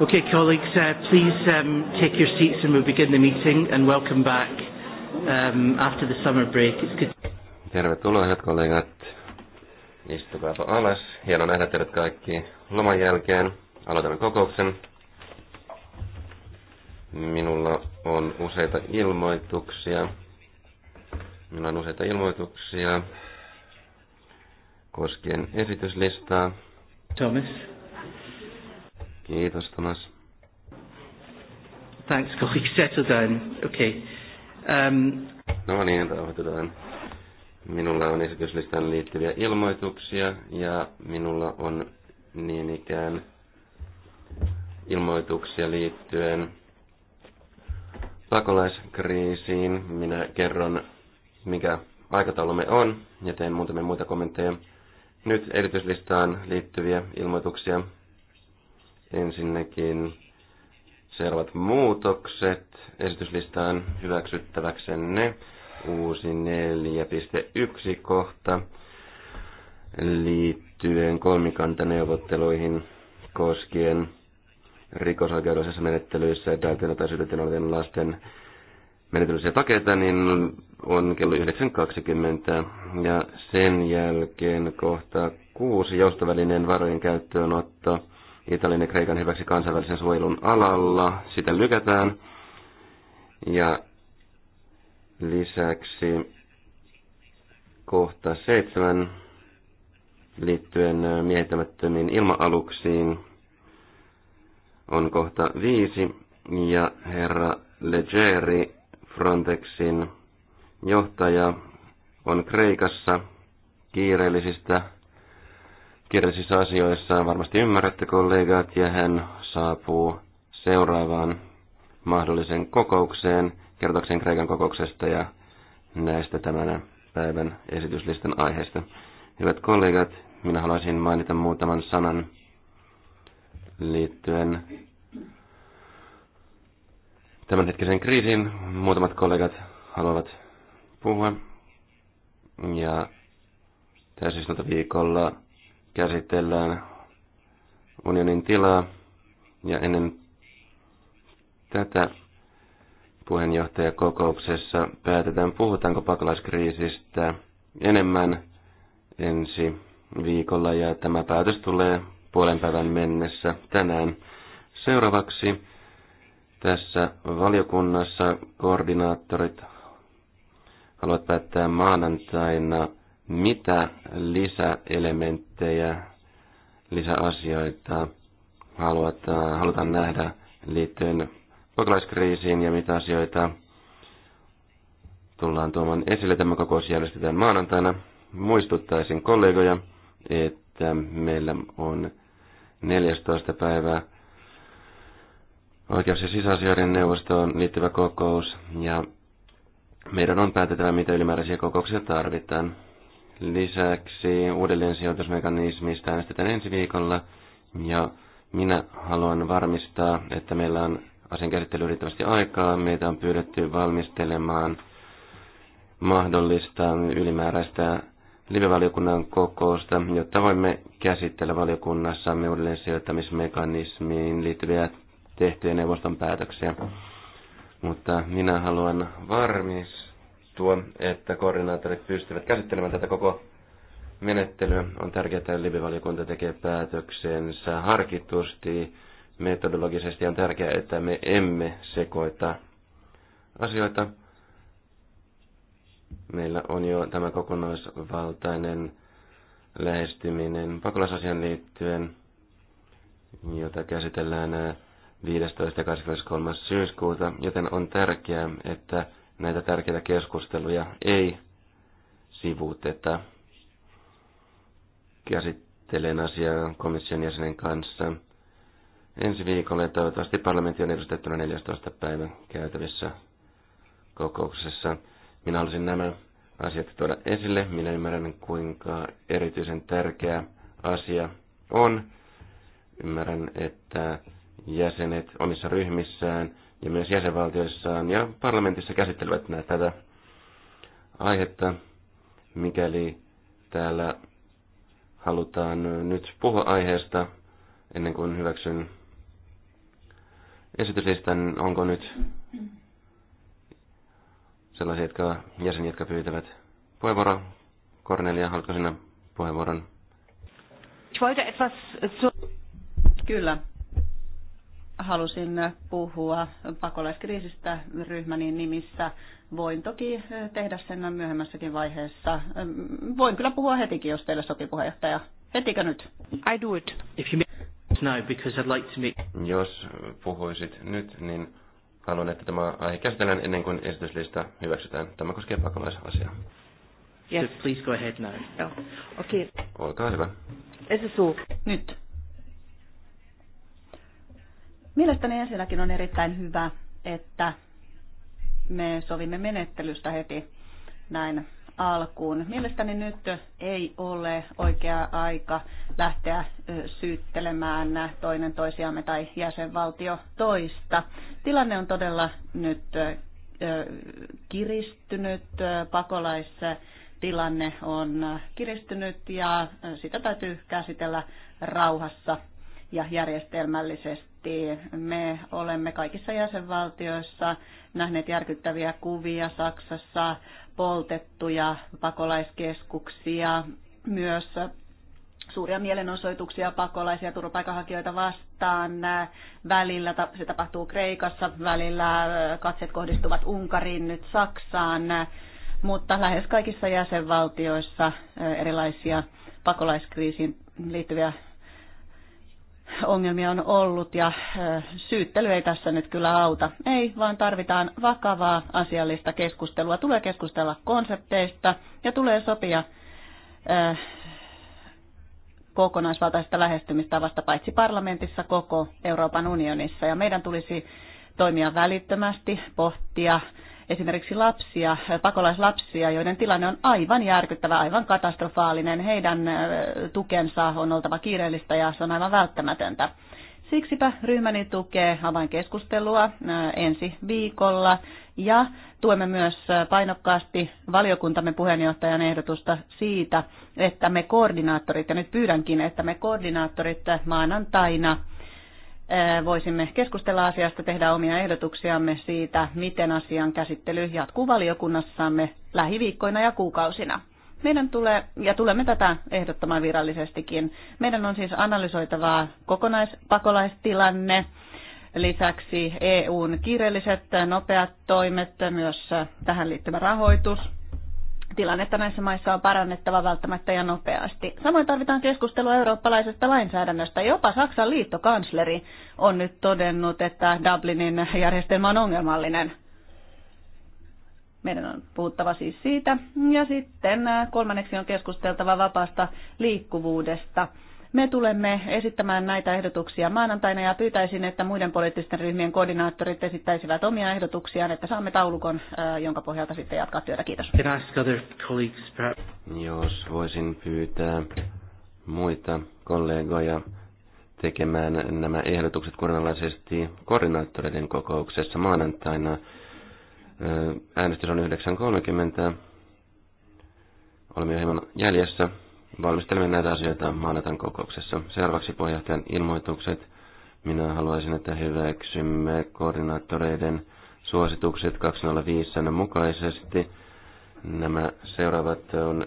Okay, colleagues, uh, please um, take your seats and we'll begin the meeting and welcome back um, after the summer break. It's good. Tervetuloa, hyvät kollegat. Istukaapa alas. Hienoa nähdä teidät kaikki loman jälkeen. Aloitamme kokouksen. Minulla on useita ilmoituksia. Minulla on useita ilmoituksia koskien esityslistaa. Thomas. Kiitos Thomas. Thanks, colleague. Settle down. Okay. Um... No niin, rauhoitetaan. Minulla on esityslistan liittyviä ilmoituksia ja minulla on niin ikään ilmoituksia liittyen pakolaiskriisiin. Minä kerron, mikä aikataulumme on ja teen muutamia muita kommentteja. Nyt erityislistaan liittyviä ilmoituksia Ensinnäkin seuraavat muutokset esityslistaan hyväksyttäväksenne. Uusi 4.1 kohta liittyen kolmikantaneuvotteluihin koskien rikosoikeudellisessa menettelyissä täytyy tai syytetyn olevien lasten menetelmisiä paketa, niin on kello 9.20. Ja sen jälkeen kohta kuusi joustovälineen varojen käyttöönotto Italian ja Kreikan hyväksi kansainvälisen suojelun alalla. Sitä lykätään. Ja lisäksi kohta seitsemän liittyen miehittämättömiin ilma-aluksiin on kohta viisi. Ja herra Legeri, Frontexin johtaja, on Kreikassa kiireellisistä kirjallisissa asioissa varmasti ymmärrätte kollegat ja hän saapuu seuraavaan mahdollisen kokoukseen, kertoksen Kreikan kokouksesta ja näistä tämän päivän esityslistan aiheista. Hyvät kollegat, minä haluaisin mainita muutaman sanan liittyen tämänhetkisen kriisin. Muutamat kollegat haluavat puhua. Ja täysistuntoviikolla viikolla käsitellään unionin tilaa ja ennen tätä puheenjohtajakokouksessa päätetään, puhutaanko pakolaiskriisistä enemmän ensi viikolla ja tämä päätös tulee puolen päivän mennessä tänään. Seuraavaksi tässä valiokunnassa koordinaattorit haluat päättää maanantaina mitä lisäelementtejä, lisäasioita halutaan, äh, halutaan nähdä liittyen pakolaiskriisiin ja mitä asioita tullaan tuomaan esille. Tämä kokous järjestetään maanantaina. Muistuttaisin kollegoja, että meillä on 14. päivää oikeus- ja sisäasioiden neuvostoon liittyvä kokous ja meidän on päätettävä, mitä ylimääräisiä kokouksia tarvitaan. Lisäksi uudelleen sijoitusmekanismista äänestetään ensi viikolla ja minä haluan varmistaa, että meillä on asian käsittely riittävästi aikaa. Meitä on pyydetty valmistelemaan mahdollista ylimääräistä livevaliokunnan kokousta, jotta voimme käsitellä valiokunnassamme uudelleen sijoittamismekanismiin liittyviä tehtyjä neuvoston päätöksiä. Mutta minä haluan varmistaa, varmistua, että koordinaattorit pystyvät käsittelemään tätä koko menettelyä. On tärkeää, että libivaliokunta tekee päätöksensä harkitusti. Metodologisesti on tärkeää, että me emme sekoita asioita. Meillä on jo tämä kokonaisvaltainen lähestyminen pakolaisasian liittyen, jota käsitellään 15. ja 23. syyskuuta, joten on tärkeää, että näitä tärkeitä keskusteluja ei sivuuteta. Käsittelen asiaa komission jäsenen kanssa ensi viikolla ja toivottavasti parlamentti on edustettuna 14. päivä käytävissä kokouksessa. Minä haluaisin nämä asiat tuoda esille. Minä ymmärrän, kuinka erityisen tärkeä asia on. Ymmärrän, että jäsenet omissa ryhmissään – ja myös jäsenvaltioissaan ja parlamentissa käsittelevät näitä tätä aihetta, mikäli täällä halutaan nyt puhua aiheesta ennen kuin hyväksyn esityslistan, onko nyt sellaisia jotka, jäseniä, jotka pyytävät puheenvuoroa. Kornelia, haluatko sinä puheenvuoron? Kyllä, halusin puhua pakolaiskriisistä ryhmäni nimissä. Voin toki tehdä sen myöhemmässäkin vaiheessa. Voin kyllä puhua hetikin, jos teille sopii puheenjohtaja. Hetikö nyt? I do it. If you now, because I'd like to make... Jos puhuisit nyt, niin haluan, että tämä aihe käsitellään ennen kuin esityslista hyväksytään. Tämä koskee pakolaisasiaa. Yes, please go ahead now. Oh. Okay. Olkaa hyvä. suu. Nyt. Mielestäni ensinnäkin on erittäin hyvä, että me sovimme menettelystä heti näin alkuun. Mielestäni nyt ei ole oikea aika lähteä syyttelemään toinen toisiamme tai jäsenvaltio toista. Tilanne on todella nyt kiristynyt, pakolaistilanne on kiristynyt ja sitä täytyy käsitellä rauhassa ja järjestelmällisesti miettii, me olemme kaikissa jäsenvaltioissa nähneet järkyttäviä kuvia Saksassa, poltettuja pakolaiskeskuksia, myös suuria mielenosoituksia pakolaisia turvapaikanhakijoita vastaan. Välillä se tapahtuu Kreikassa, välillä katset kohdistuvat Unkariin, nyt Saksaan, mutta lähes kaikissa jäsenvaltioissa eh, erilaisia pakolaiskriisiin liittyviä ongelmia on ollut ja syyttely ei tässä nyt kyllä auta. Ei, vaan tarvitaan vakavaa asiallista keskustelua. Tulee keskustella konsepteista ja tulee sopia kokonaisvaltaisesta lähestymistavasta paitsi parlamentissa koko Euroopan unionissa. Ja meidän tulisi toimia välittömästi, pohtia esimerkiksi lapsia, pakolaislapsia, joiden tilanne on aivan järkyttävä, aivan katastrofaalinen. Heidän tukensa on oltava kiireellistä ja se on aivan välttämätöntä. Siksipä ryhmäni tukee avainkeskustelua ensi viikolla ja tuemme myös painokkaasti valiokuntamme puheenjohtajan ehdotusta siitä, että me koordinaattorit, ja nyt pyydänkin, että me koordinaattorit maanantaina Äh, voisimme keskustella asiasta, tehdä omia ehdotuksiamme siitä, miten asian käsittely jatkuu valiokunnassamme lähiviikkoina ja kuukausina. Meidän tulee, ja tulemme tätä ehdottamaan virallisestikin, meidän on siis analysoitavaa kokonaispakolaistilanne, lisäksi EUn kiireelliset nopeat toimet, myös tähän liittyvä rahoitus – tilannetta näissä maissa on parannettava välttämättä ja nopeasti. Samoin tarvitaan keskustelua eurooppalaisesta lainsäädännöstä. Jopa Saksan liittokansleri on nyt todennut, että Dublinin järjestelmä on ongelmallinen. Meidän on puhuttava siis siitä. Ja sitten äh, kolmanneksi on keskusteltava vapaasta liikkuvuudesta. Me tulemme esittämään näitä ehdotuksia maanantaina ja pyytäisin, että muiden poliittisten ryhmien koordinaattorit esittäisivät omia ehdotuksiaan, että saamme taulukon, äh, jonka pohjalta sitten jatkaa työtä. Kiitos. Jos voisin pyytää muita kollegoja tekemään nämä ehdotukset kurinalaisesti koordinaattoreiden kokouksessa maanantaina. Äänestys on 9.30. Olemme jo hieman jäljessä valmistelemme näitä asioita maanantain kokouksessa. Seuraavaksi puheenjohtajan ilmoitukset. Minä haluaisin, että hyväksymme koordinaattoreiden suositukset 205 mukaisesti. Nämä seuraavat on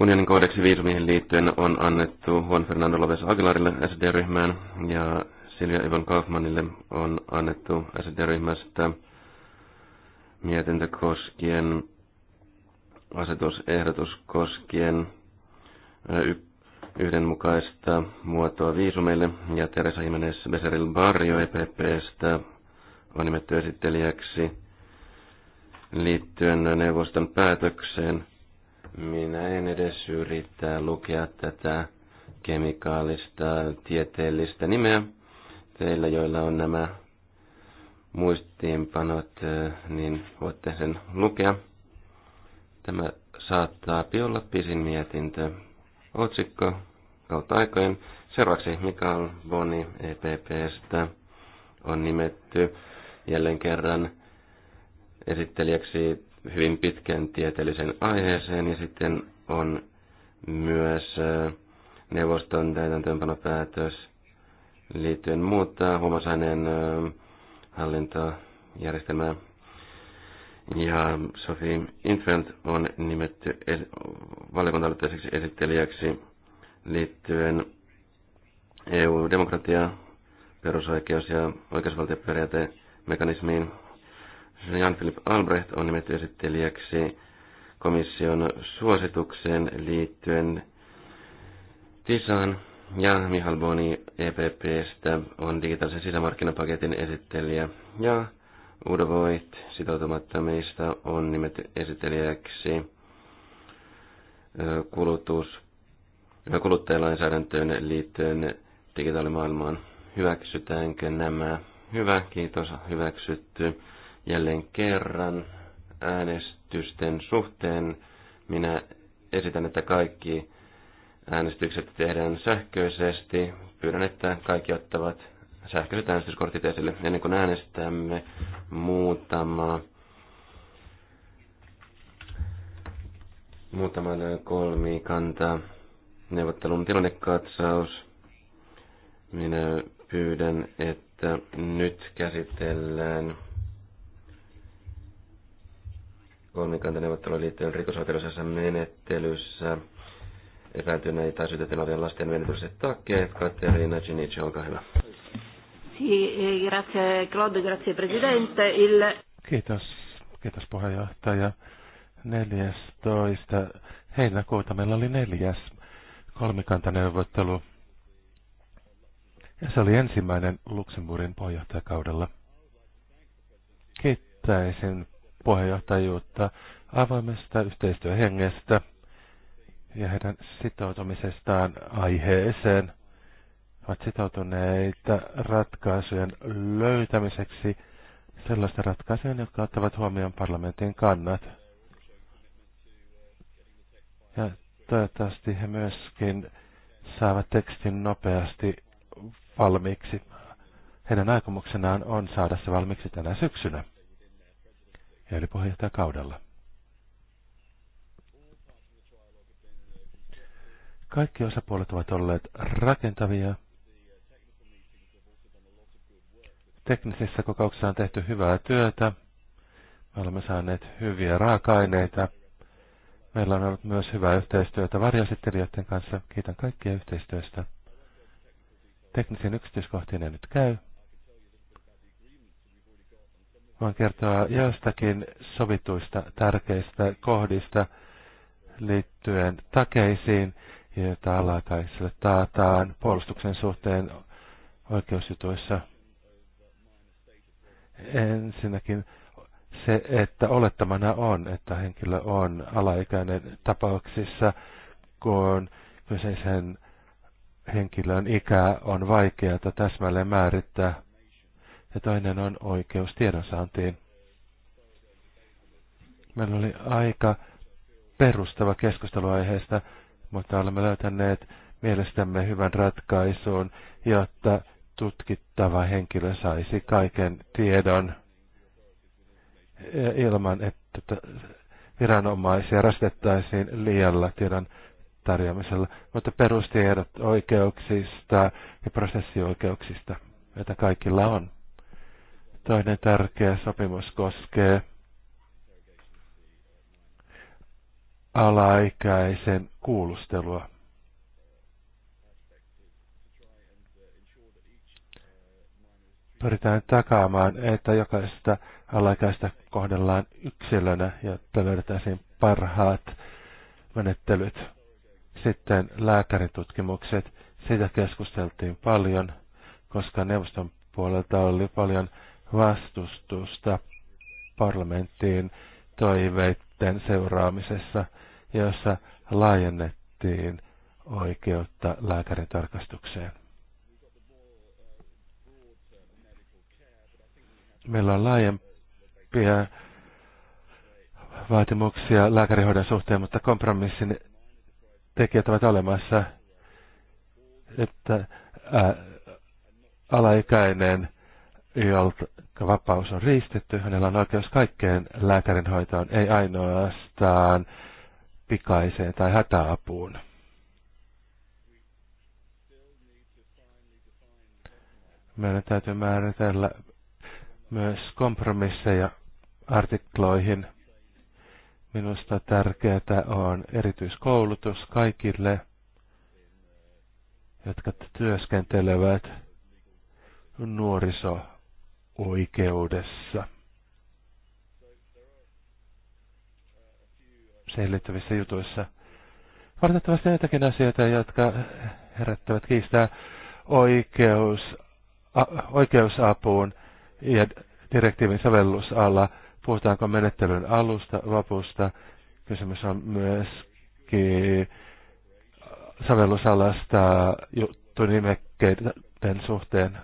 unionin kohdeksi viisumiin liittyen on annettu Juan Fernando Lopez Aguilarille SD-ryhmään ja Silja Ivan Kaufmanille on annettu SD-ryhmästä mietintö koskien asetusehdotus koskien yhdenmukaista muotoa viisumeille ja Teresa Jimenez Beseril Barrio EPPstä on nimetty esittelijäksi liittyen neuvoston päätökseen. Minä en edes yritä lukea tätä kemikaalista tieteellistä nimeä. Teillä, joilla on nämä muistiinpanot, niin voitte sen lukea. Tämä saattaa olla pisin mietintö. Otsikko kautta aikojen. Seuraavaksi Mikael Boni EPPstä on nimetty jälleen kerran esittelijäksi hyvin pitkän tieteellisen aiheeseen ja sitten on myös neuvoston täytäntöönpanopäätös liittyen muuttaa huomasaineiden hallintojärjestelmää ja Sofi Infant on nimetty es- valiokuntaloitteiseksi esittelijäksi liittyen EU-demokratia, perusoikeus- ja oikeusvaltioperiaate mekanismiin. Jan-Philip Albrecht on nimetty esittelijäksi komission suositukseen liittyen TISAan ja Mihal Boni EPPstä on digitaalisen sisämarkkinapaketin esittelijä ja Udo sitoutumatta meistä on nimetty esittelijäksi kulutus, kuluttajalainsäädäntöön liittyen digitaalimaailmaan. Hyväksytäänkö nämä? Hyvä, kiitos, hyväksytty. Jälleen kerran äänestysten suhteen minä esitän, että kaikki äänestykset tehdään sähköisesti. Pyydän, että kaikki ottavat sähköiset äänestyskortit esille. Ennen kuin äänestämme muutama, Muutama kolmikanta neuvottelun tilannekatsaus. Minä pyydän, että nyt käsitellään neuvottelun liittyen rikosoikeudellisessa menettelyssä epäiltyneitä syytetyn lasten menetyset takia. Katerina Ginici, olkaa hyvä. Sì, eh, grazie Claude, grazie Presidente. Il... Kiitos, kiitos puheenjohtaja. 14. heinäkuuta meillä oli neljäs kolmikantaneuvottelu. Ja se oli ensimmäinen Luxemburgin puheenjohtajakaudella. Kiittäisin puheenjohtajuutta avoimesta yhteistyöhengestä ja heidän sitoutumisestaan aiheeseen ovat sitoutuneita ratkaisujen löytämiseksi sellaisten ratkaisujen, jotka ottavat huomioon parlamentin kannat. Ja toivottavasti he myöskin saavat tekstin nopeasti valmiiksi. Heidän aikomuksenaan on saada se valmiiksi tänä syksynä, eli puheenjohtajakaudella. Kaikki osapuolet ovat olleet rakentavia Teknisissä kokouksissa on tehty hyvää työtä. Me olemme saaneet hyviä raaka-aineita. Meillä on ollut myös hyvää yhteistyötä varjosittelijöiden kanssa. Kiitän kaikkia yhteistyöstä. Teknisiin yksityiskohtiin ei nyt käy. Voin kertoa joistakin sovituista tärkeistä kohdista liittyen takeisiin, joita alataisille taataan puolustuksen suhteen oikeusjutuissa – Ensinnäkin se, että olettamana on, että henkilö on alaikäinen tapauksissa, kun kyseisen henkilön ikä on vaikeata täsmälleen määrittää. Ja toinen on oikeus tiedonsaantiin. Meillä oli aika perustava keskustelu aiheesta, mutta olemme löytäneet mielestämme hyvän ratkaisun, jotta tutkittava henkilö saisi kaiken tiedon ilman, että viranomaisia rasitettaisiin liialla tiedon tarjoamisella, mutta perustiedot oikeuksista ja prosessioikeuksista, joita kaikilla on. Toinen tärkeä sopimus koskee alaikäisen kuulustelua. pyritään takaamaan, että jokaista alaikäistä kohdellaan yksilönä, jotta siinä parhaat menettelyt. Sitten lääkäritutkimukset. Siitä keskusteltiin paljon, koska neuvoston puolelta oli paljon vastustusta parlamenttiin toiveiden seuraamisessa, jossa laajennettiin oikeutta lääkärin tarkastukseen. Meillä on laajempia vaatimuksia lääkärihoidon suhteen, mutta kompromissin tekijät ovat olemassa, että ää, äh, alaikäinen, jolta vapaus on riistetty, hänellä on oikeus kaikkeen lääkärinhoitoon, ei ainoastaan pikaiseen tai hätäapuun. Meidän täytyy määritellä myös kompromisseja artikloihin. Minusta tärkeää on erityiskoulutus kaikille, jotka työskentelevät nuoriso-oikeudessa. Siihen jutuissa. Valitettavasti näitäkin asioita, jotka herättävät kiistää oikeus, a, oikeusapuun – ja direktiivin sovellusala. Puhutaanko menettelyn alusta, lopusta? Kysymys on myöskin sovellusalasta juttunimekkeiden suhteen.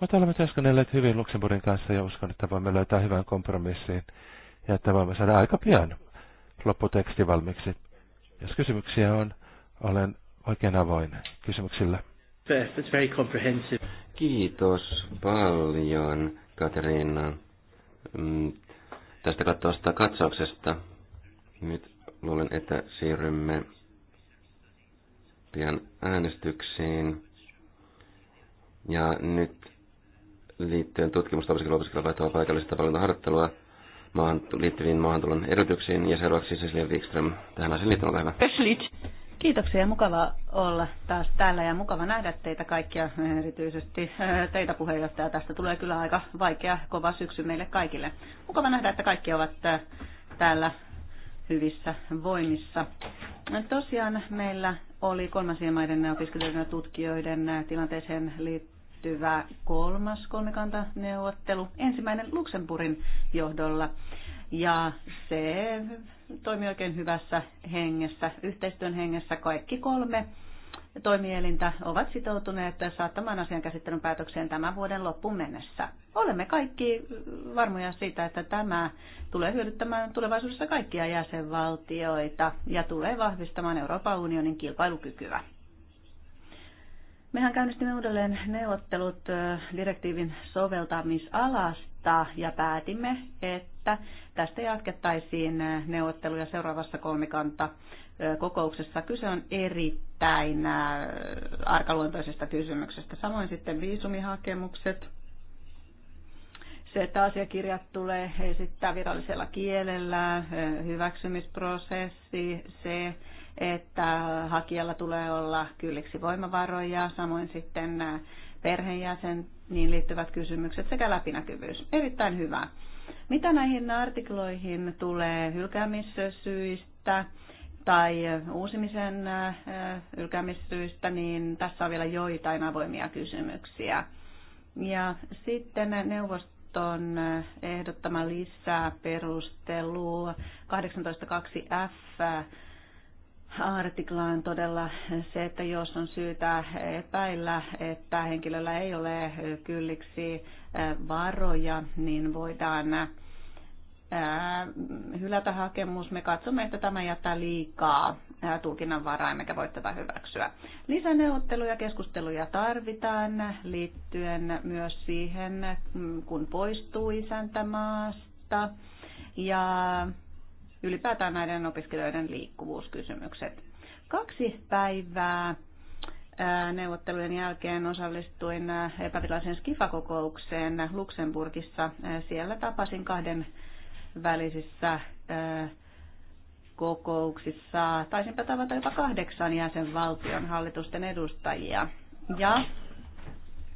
Mutta olemme työskennelleet hyvin Luxemburgin kanssa ja uskon, että voimme löytää hyvän kompromissin ja että voimme saada aika pian lopputeksti valmiiksi. Jos kysymyksiä on, olen oikein avoin kysymyksille very comprehensive. Kiitos paljon, Katriina, mm, tästä kattavasta katsauksesta. Nyt luulen, että siirrymme pian äänestyksiin. Ja nyt liittyen tutkimusta opiskelu-opiskelu paikallista palveluntaharjoittelua maahan, liittyviin maahantulon edellytyksiin. Ja seuraavaksi Cecilia Wikström tähän asiaan liittyen, hyvä. Kiitoksia ja mukava olla taas täällä ja mukava nähdä teitä kaikkia, erityisesti teitä puheenjohtaja. Tästä tulee kyllä aika vaikea, kova syksy meille kaikille. Mukava nähdä, että kaikki ovat täällä hyvissä voimissa. Tosiaan meillä oli kolmansien maiden opiskelijoiden ja tutkijoiden tilanteeseen liittyvä kolmas kolmikantaneuvottelu, ensimmäinen Luxemburgin johdolla ja se toimii oikein hyvässä hengessä, yhteistyön hengessä. Kaikki kolme toimielintä ovat sitoutuneet saattamaan asian käsittelyn päätökseen tämän vuoden loppuun mennessä. Olemme kaikki varmoja siitä, että tämä tulee hyödyttämään tulevaisuudessa kaikkia jäsenvaltioita ja tulee vahvistamaan Euroopan unionin kilpailukykyä. Mehän käynnistimme uudelleen neuvottelut direktiivin soveltamisalasta ja päätimme, että että tästä jatkettaisiin neuvotteluja seuraavassa kolmikanta kokouksessa. Kyse on erittäin arkaluontoisesta kysymyksestä. Samoin sitten viisumihakemukset. Se, että asiakirjat tulee esittää virallisella kielellä, hyväksymisprosessi, se, että hakijalla tulee olla kylliksi voimavaroja, samoin sitten perheenjäsen niin liittyvät kysymykset sekä läpinäkyvyys. Erittäin hyvä. Mitä näihin artikloihin tulee hylkäämissyistä tai uusimisen äh, hylkäämissyistä, niin tässä on vielä joitain avoimia kysymyksiä. Ja sitten neuvoston äh, ehdottama lisää perustelu 18.2f artiklaan todella se, että jos on syytä epäillä, että henkilöllä ei ole kylliksi varoja, niin voidaan hylätä hakemus. Me katsomme, että tämä jättää liikaa tulkinnan varaa, emmekä voi tätä hyväksyä. Lisäneuvotteluja, keskusteluja tarvitaan liittyen myös siihen, kun poistuu isäntämaasta. Ja ylipäätään näiden opiskelijoiden liikkuvuuskysymykset. Kaksi päivää neuvottelujen jälkeen osallistuin epävirallisen skifakokoukseen Luxemburgissa. Siellä tapasin kahden välisissä kokouksissa, taisinpä tavata jopa kahdeksan jäsenvaltion hallitusten edustajia. Ja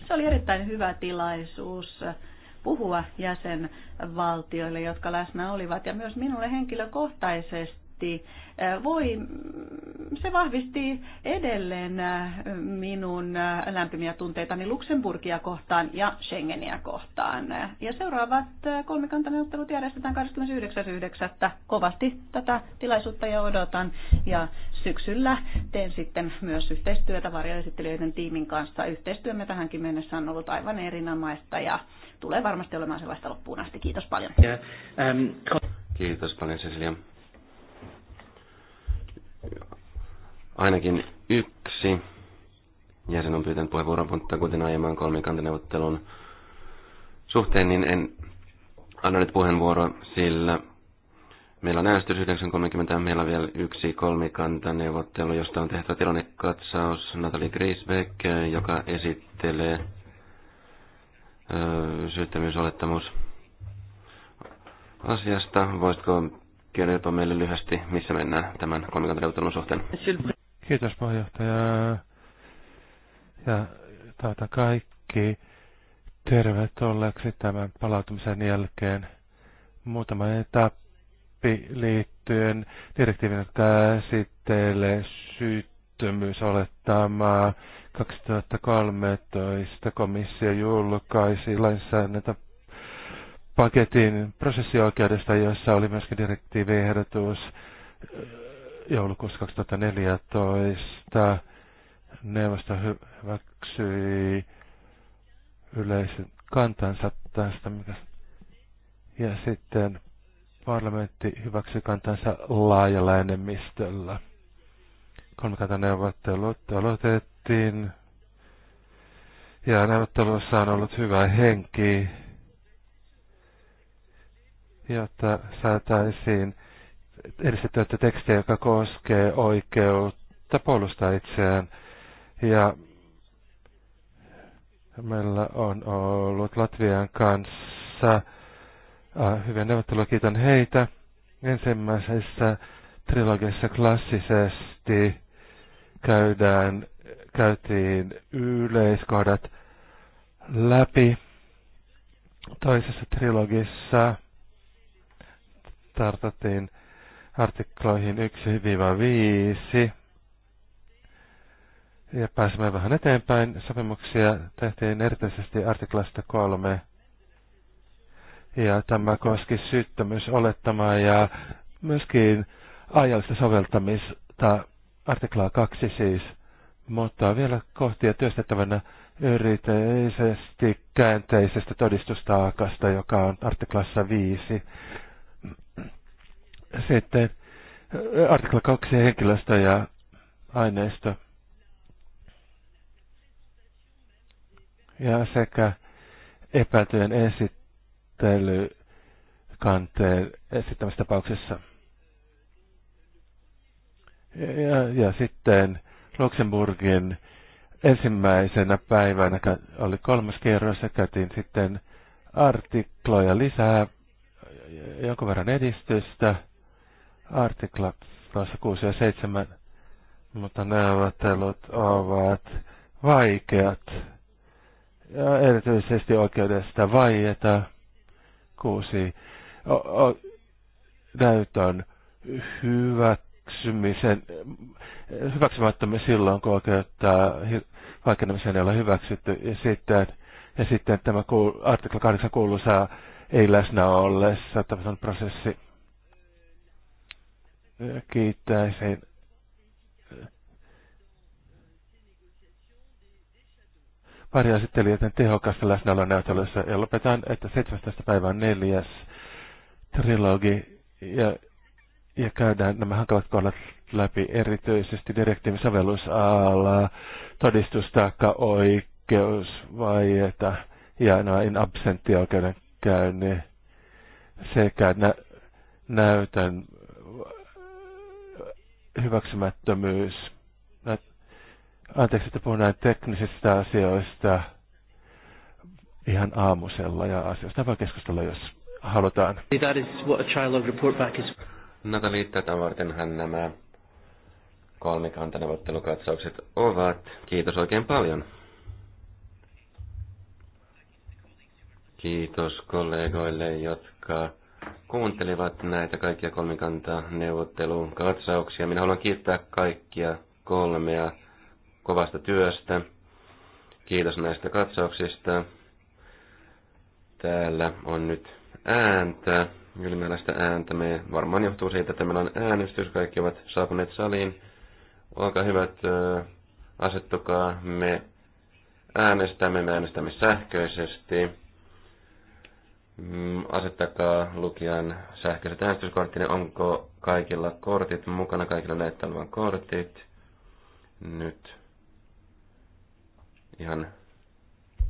se oli erittäin hyvä tilaisuus puhua jäsenvaltioille, jotka läsnä olivat. Ja myös minulle henkilökohtaisesti voi, se vahvisti edelleen minun lämpimiä tunteitani Luxemburgia kohtaan ja Schengeniä kohtaan. Ja seuraavat kolmikantaneuvottelut järjestetään 29.9. Kovasti tätä tilaisuutta ja odotan. Ja syksyllä teen sitten myös yhteistyötä varjoesittelijöiden tiimin kanssa. Yhteistyömme tähänkin mennessä on ollut aivan erinomaista ja tulee varmasti olemaan sellaista loppuun asti. Kiitos paljon. Um, Kiitos paljon Cecilia. Ainakin yksi jäsen on pyytänyt puheenvuoron, mutta kuten aiemman kolmikantaneuvottelun suhteen, niin en anna nyt puheenvuoroa sillä Meillä on äänestys 9.30, meillä on vielä yksi kolmikantaneuvottelu, josta on tehtävä tilannekatsaus Natalie Griesbeck, joka esittelee öö, syyttämyysolettamus asiasta. Voisitko kertoa meille lyhyesti, missä mennään tämän kolmikantaneuvottelun suhteen? Kiitos puheenjohtaja. Ja taata kaikki tervetulleeksi tämän palautumisen jälkeen. Muutama etappi oppi liittyen direktiivin, käsitteelle käsittelee syyttömyysolettamaa 2013 komissio julkaisi lainsäädäntö paketin prosessioikeudesta, jossa oli myöskin direktiiviehdotus äh, joulukuussa 2014. Neuvosto hyväksyi yleisen kantansa tästä, mikä ja sitten parlamentti hyväksyi kantansa laajalla enemmistöllä. Kolmikantaneuvottelut aloitettiin ja neuvottelussa on ollut hyvä henki, jotta saataisiin edistettyä tekstiä, joka koskee oikeutta puolustaa itseään. Ja meillä on ollut Latvian kanssa Ah, hyviä neuvotteluja. Kiitän heitä. Ensimmäisessä trilogiassa klassisesti käydään, käytiin yleiskohdat läpi. Toisessa trilogissa tartattiin artikloihin 1-5 ja pääsimme vähän eteenpäin. Sopimuksia tehtiin erityisesti artiklasta 3 ja tämä koski syyttömyysolettamaa ja myöskin ajallista soveltamista, artiklaa 2 siis, mutta vielä kohtia työstettävänä yrityisesti käänteisestä todistustaakasta, joka on artiklassa 5. Sitten artikla 2 henkilöstö ja aineisto. Ja sekä epäiltyjen esittäminen kanteen esittämässä tapauksessa. Ja, ja sitten Luxemburgin ensimmäisenä päivänä oli kolmas kierros ja käytiin sitten artikloja lisää, jonkun verran edistystä, artiklat taas 6 ja 7, mutta neuvottelut ovat vaikeat, ja erityisesti oikeudesta vaieta kuusi näytön hyväksymisen, hyväksymättömme silloin, kun oikeuttaa vaikenemisen ei ole hyväksytty. Ja sitten, ja sitten tämä artikla 8 kuuluisaa ei läsnä ollessa, tämä prosessi kiittäisin pari esittelijöiden tehokasta läsnäoloa näytelössä ja lopetan, että 17. päivä on neljäs trilogi ja, ja käydään nämä hankalat kohdat läpi erityisesti direktiivin sovellusalaa, todistustaakka, oikeus, vaieta ja noin absenttioikeuden oikeudenkäynnin sekä nä, näytön hyväksymättömyys Anteeksi, että puhun näin teknisistä asioista ihan aamusella ja asioista voi keskustella, jos halutaan. That is what a trialogue report back is. Natali, tätä vartenhan nämä kolmikantaneuvottelukatsaukset ovat. Kiitos oikein paljon. Kiitos kollegoille, jotka kuuntelivat näitä kaikkia kolmikantaneuvottelukatsauksia. Minä haluan kiittää kaikkia kolmea kovasta työstä. Kiitos näistä katsauksista. Täällä on nyt ääntä, ylimääräistä ääntä. Me varmaan johtuu siitä, että meillä on äänestys. Kaikki ovat saapuneet saliin. Olkaa hyvät, asettukaa. Me äänestämme, me äänestämme sähköisesti. Mm, asettakaa lukijan sähköiset äänestyskorttine. Onko kaikilla kortit mukana? Kaikilla näyttää kortit. Nyt ihan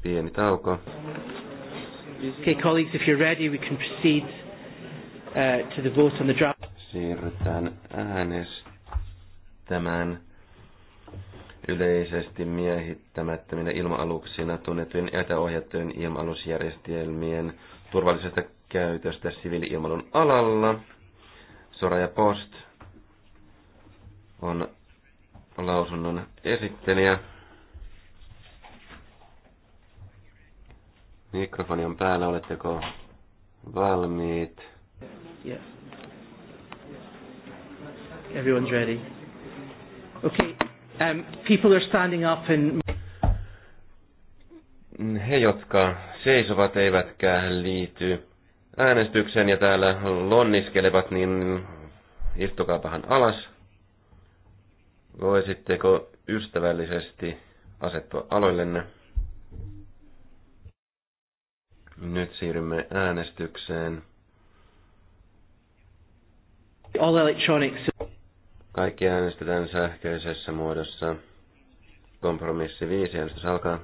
pieni tauko. Okay, colleagues, if you're ready, we can proceed uh, to the vote on the draft. Siirrytään äänestämään yleisesti miehittämättöminä ilma-aluksina tunnettujen etäohjattujen ilma-alusjärjestelmien turvallisesta käytöstä siviiliilmailun alalla. ja Post on lausunnon esittelijä. Mikrofoni on päällä, oletteko valmiit? Yeah. Everyone's ready. Okay. Um, people are standing up and... He, jotka seisovat eivätkä liity äänestykseen ja täällä lonniskelevat, niin istukaapahan alas. Voisitteko ystävällisesti asettua aloillenne? Nyt siirrymme äänestykseen. All electronics. Kaikki äänestetään sähköisessä muodossa. Kompromissi 5, äänestys alkaa.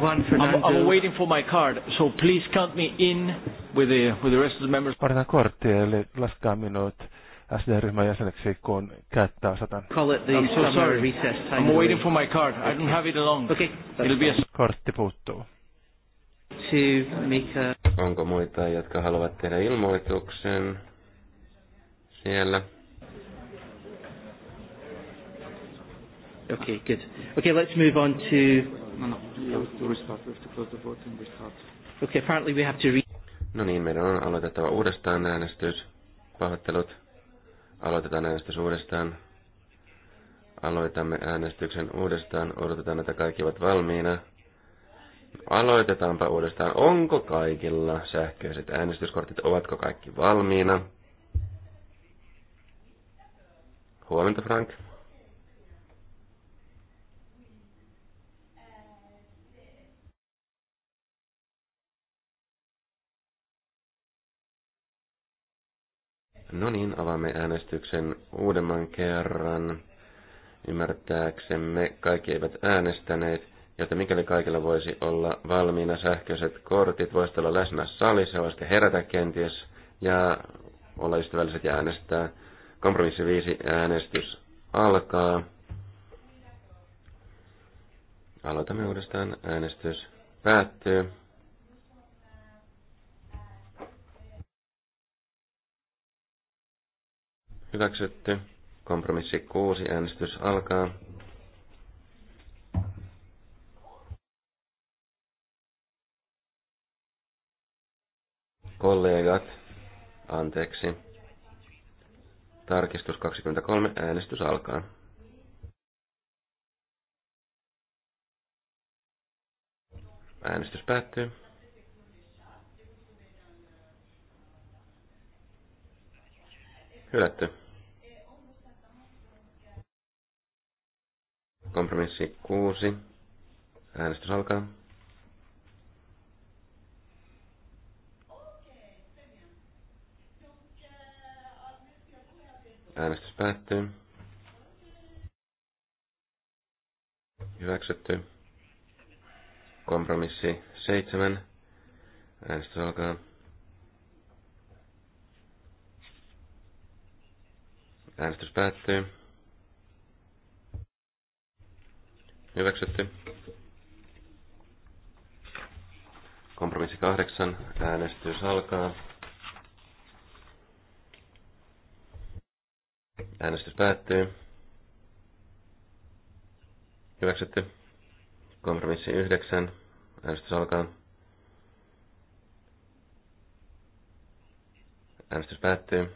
Juan Fernando. I'm, I'm waiting for my card, so please count me in with the, with the rest of the members. Parina korttia, eli laskaa minut SD-ryhmän jäseneksi, kun käyttää satan. Call it the I'm so sorry. I'm waiting for my card. I don't have it along. Okay. It'll be a... Kortti puuttuu. To make a... Onko muita, jotka haluavat tehdä ilmoituksen? Siellä. Okay, good. Okay, let's move on to... No, no. To restart. We have to close the vote and restart. Okay, apparently we have to... Re- no niin, meidän on aloitettava uudestaan äänestys. Pahoittelut. Aloitetaan äänestys uudestaan. Aloitamme äänestyksen uudestaan. Odotetaan, että kaikki ovat valmiina. Aloitetaanpa uudestaan. Onko kaikilla sähköiset äänestyskortit? Ovatko kaikki valmiina? Huomenta, Frank. No niin, avaamme äänestyksen uudemman kerran. Ymmärtääksemme kaikki eivät äänestäneet, joten mikäli kaikilla voisi olla valmiina sähköiset kortit, voisi olla läsnä salissa, voisi herätä kenties ja olla ystävälliset ja äänestää. Kompromissi 5 äänestys alkaa. Aloitamme uudestaan. Äänestys päättyy. Hyväksytty. Kompromissi 6. Äänestys alkaa. Kollegat, anteeksi. Tarkistus 23. Äänestys alkaa. Äänestys päättyy. Hylätty. Kompromissi 6. Äänestys alkaa. Äänestys päättyy. Hyväksytty. Kompromissi 7. Äänestys alkaa. Äänestys päättyy. Hyväksytty. Kompromissi kahdeksan. Äänestys alkaa. Äänestys päättyy. Hyväksytty. Kompromissi yhdeksän. Äänestys alkaa. Äänestys päättyy.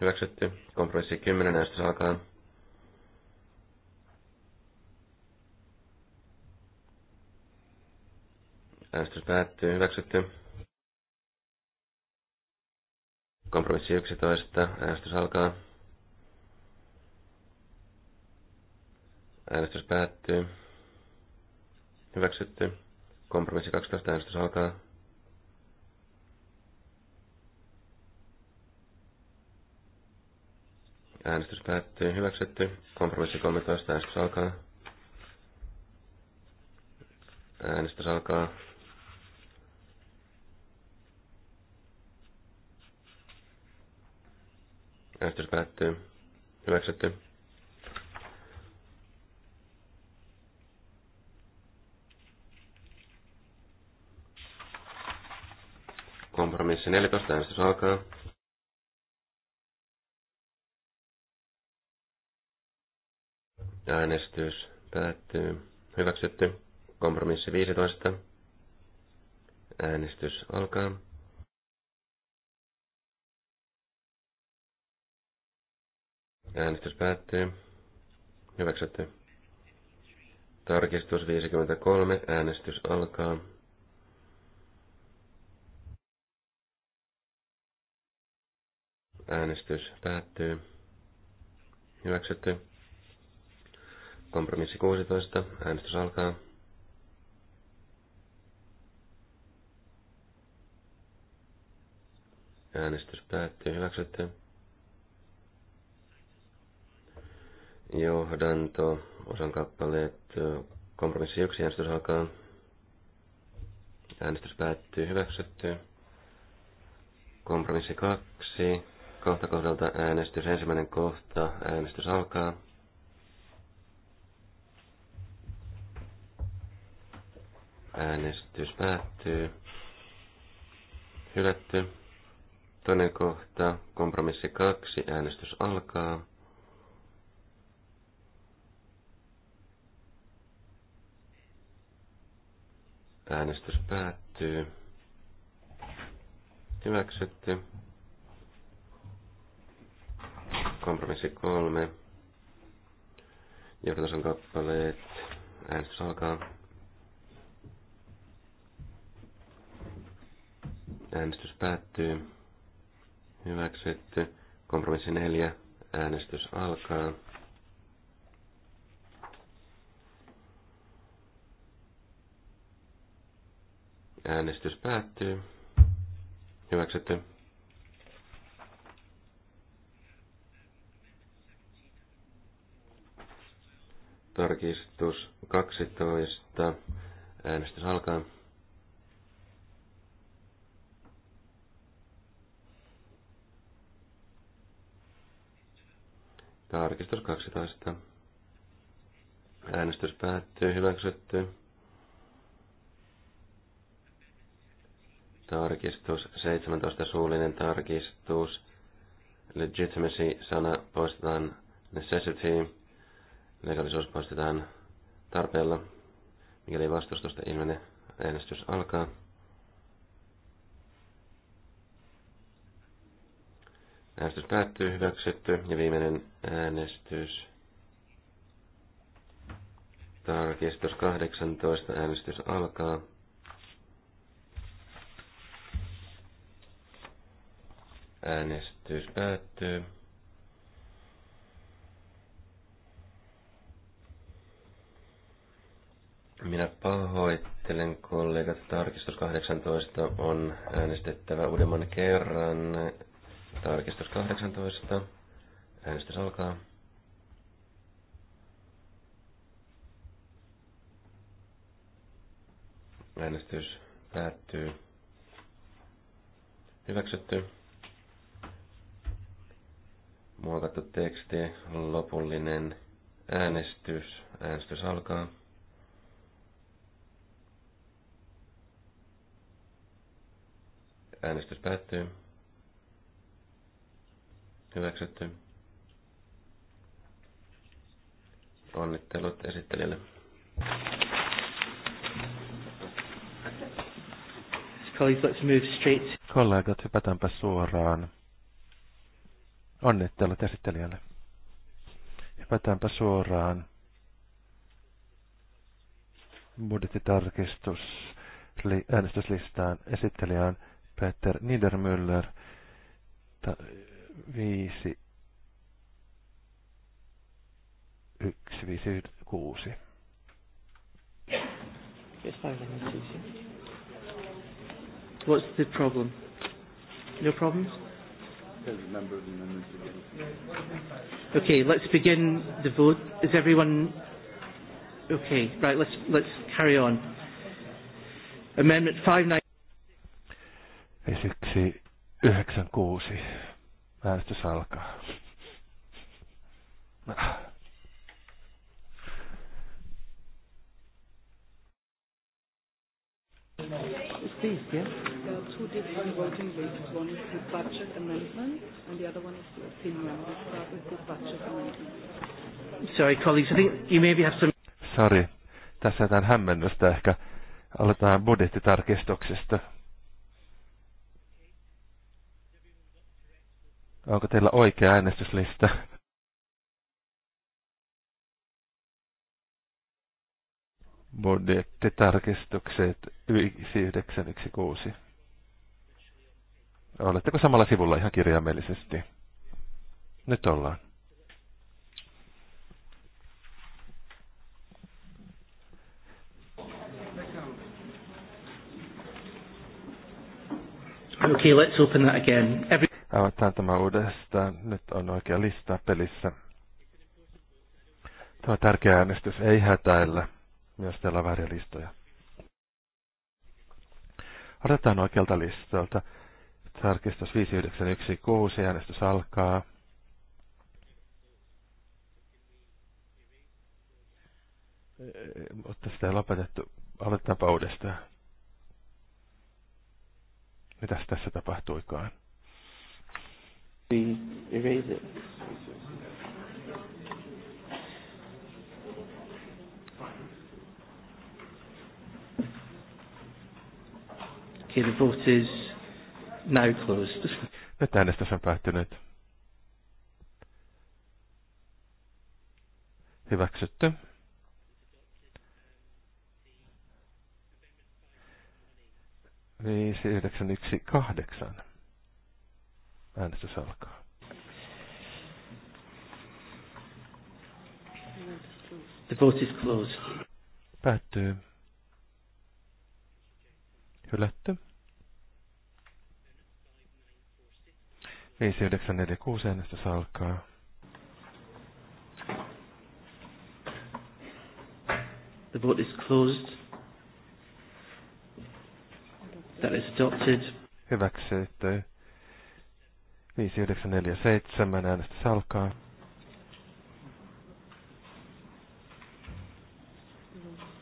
Hyväksytty. Kompromissi 10. Äänestys alkaa. Äänestys päättyy. Hyväksytty. Kompromissi 11. Äänestys alkaa. Äänestys päättyy. Hyväksytty. Kompromissi 12. Äänestys alkaa. Äänestys päättyy. Hyväksytty. Kompromissi 13. Äänestys alkaa. Äänestys alkaa. Äänestys päättyy. Hyväksytty. Kompromissi 14. Äänestys alkaa. Äänestys päättyy. Hyväksytty. Kompromissi 15. Äänestys alkaa. Äänestys päättyy. Hyväksytty. Tarkistus 53. Äänestys alkaa. Äänestys päättyy. Hyväksytty. Kompromissi 16. Äänestys alkaa. Äänestys päättyy. Hyväksytty. johdanto, osan kappaleet, kompromissi yksi äänestys alkaa. Äänestys päättyy, hyväksytty. Kompromissi kaksi kohta kohdalta äänestys, ensimmäinen kohta, äänestys alkaa. Äänestys päättyy. Hylätty. Toinen kohta, kompromissi kaksi äänestys alkaa. Äänestys päättyy. Hyväksytty. Kompromissi kolme. tason kappaleet. Äänestys alkaa. Äänestys päättyy. Hyväksytty. Kompromissi neljä. Äänestys alkaa. Äänestys päättyy. Hyväksytty. Tarkistus 12. Äänestys alkaa. Tarkistus 12. Äänestys päättyy. Hyväksytty. tarkistus, 17 suullinen tarkistus, legitimacy-sana poistetaan necessity, legalisuus poistetaan tarpeella, mikäli vastustusta ilmene, äänestys alkaa. Äänestys päättyy, hyväksytty, ja viimeinen äänestys, tarkistus 18, äänestys alkaa. Äänestys päättyy. Minä pahoittelen kollegat. Tarkistus 18 on äänestettävä uudemman kerran. Tarkistus 18. Äänestys alkaa. Äänestys päättyy. Hyväksytty muokattu teksti, lopullinen äänestys. Äänestys alkaa. Äänestys päättyy. Hyväksytty. Onnittelut esittelijälle. Kollegat, hypätäänpä suoraan Onnittelut käsittelijälle. Hypätäänpä suoraan budjettitarkistus li, äänestyslistaan esittelijään Peter Niedermüller ta, viisi yksi viisi kuusi. What's the problem? No problems? Okay, let's begin the vote. Is everyone okay? Right, let's let's carry on. Amendment 59. Esiksi 96. Äänestys alkaa. Please, yeah did one working basis. One is the budget amendment, and the other one is the start with the budget amendment. Sorry, colleagues, I think you maybe have some... Sorry, tässä jotain hämmennystä ehkä. Aloitetaan budjettitarkistuksesta. Onko teillä oikea äänestyslista? budjettitarkistukset 5916. Oletteko samalla sivulla ihan kirjaimellisesti? Nyt ollaan. Okay, let's open that again. Every... Avataan tämä uudestaan. Nyt on oikea lista pelissä. Tämä on tärkeä äänestys. Ei hätäillä, myös täällä on vääriä listoja. Otetaan oikealta listalta. Tarkistus 5916, äänestys alkaa. Mutta sitä ei lopetettu. Aloitetaanpa uudestaan. Mitäs tässä tapahtuikaan? erase it. Okay, the vote is now closed. Nyt äänestys on päättynyt. Hyväksytty. Viisi, yhdeksän, yksi, kahdeksan. Äänestys alkaa. The vote is closed. Päättyy. Hylätty. 5946 äänestys alkaa. The vote is closed. That is adopted. Hyväksytty. 5947 äänestä salkaa.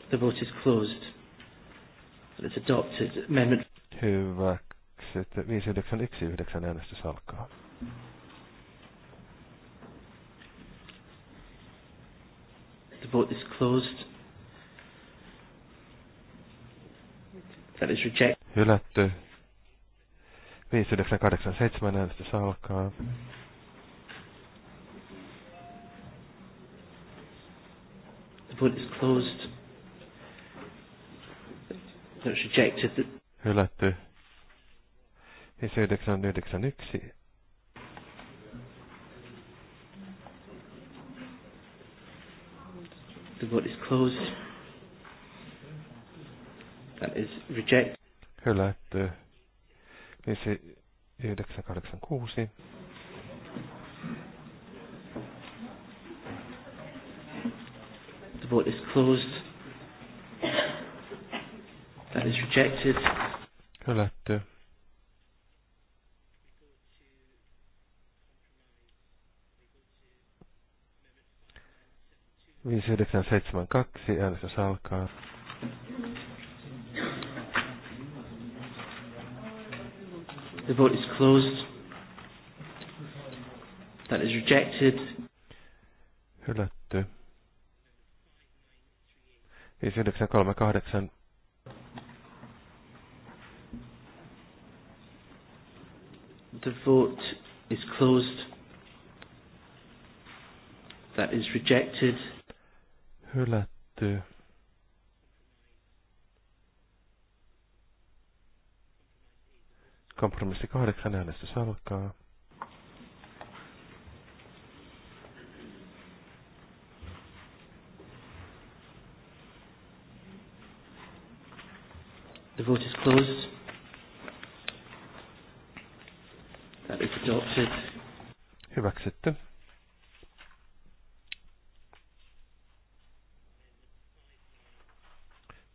The vote is closed. That is adopted. Amendment. Hyvä Hyväksytty. 5919 äänestys alkaa. The vote is closed. That is rejected. Hylätty. 5987 äänestys alkaa. The vote is closed. That is rejected. Hylätty. 991. The vote is closed. That is reject. Hylätty. 986. The vote is closed. That is rejected. Hylätty. Siis 5972 äänestys alkaa. The vote is closed. That is rejected. Hylätty. 5938 The vote is closed. That is rejected hylätty. Kompromissi kahdeksan äänestys alkaa. The vote is closed. That is adopted. Hyväksytty.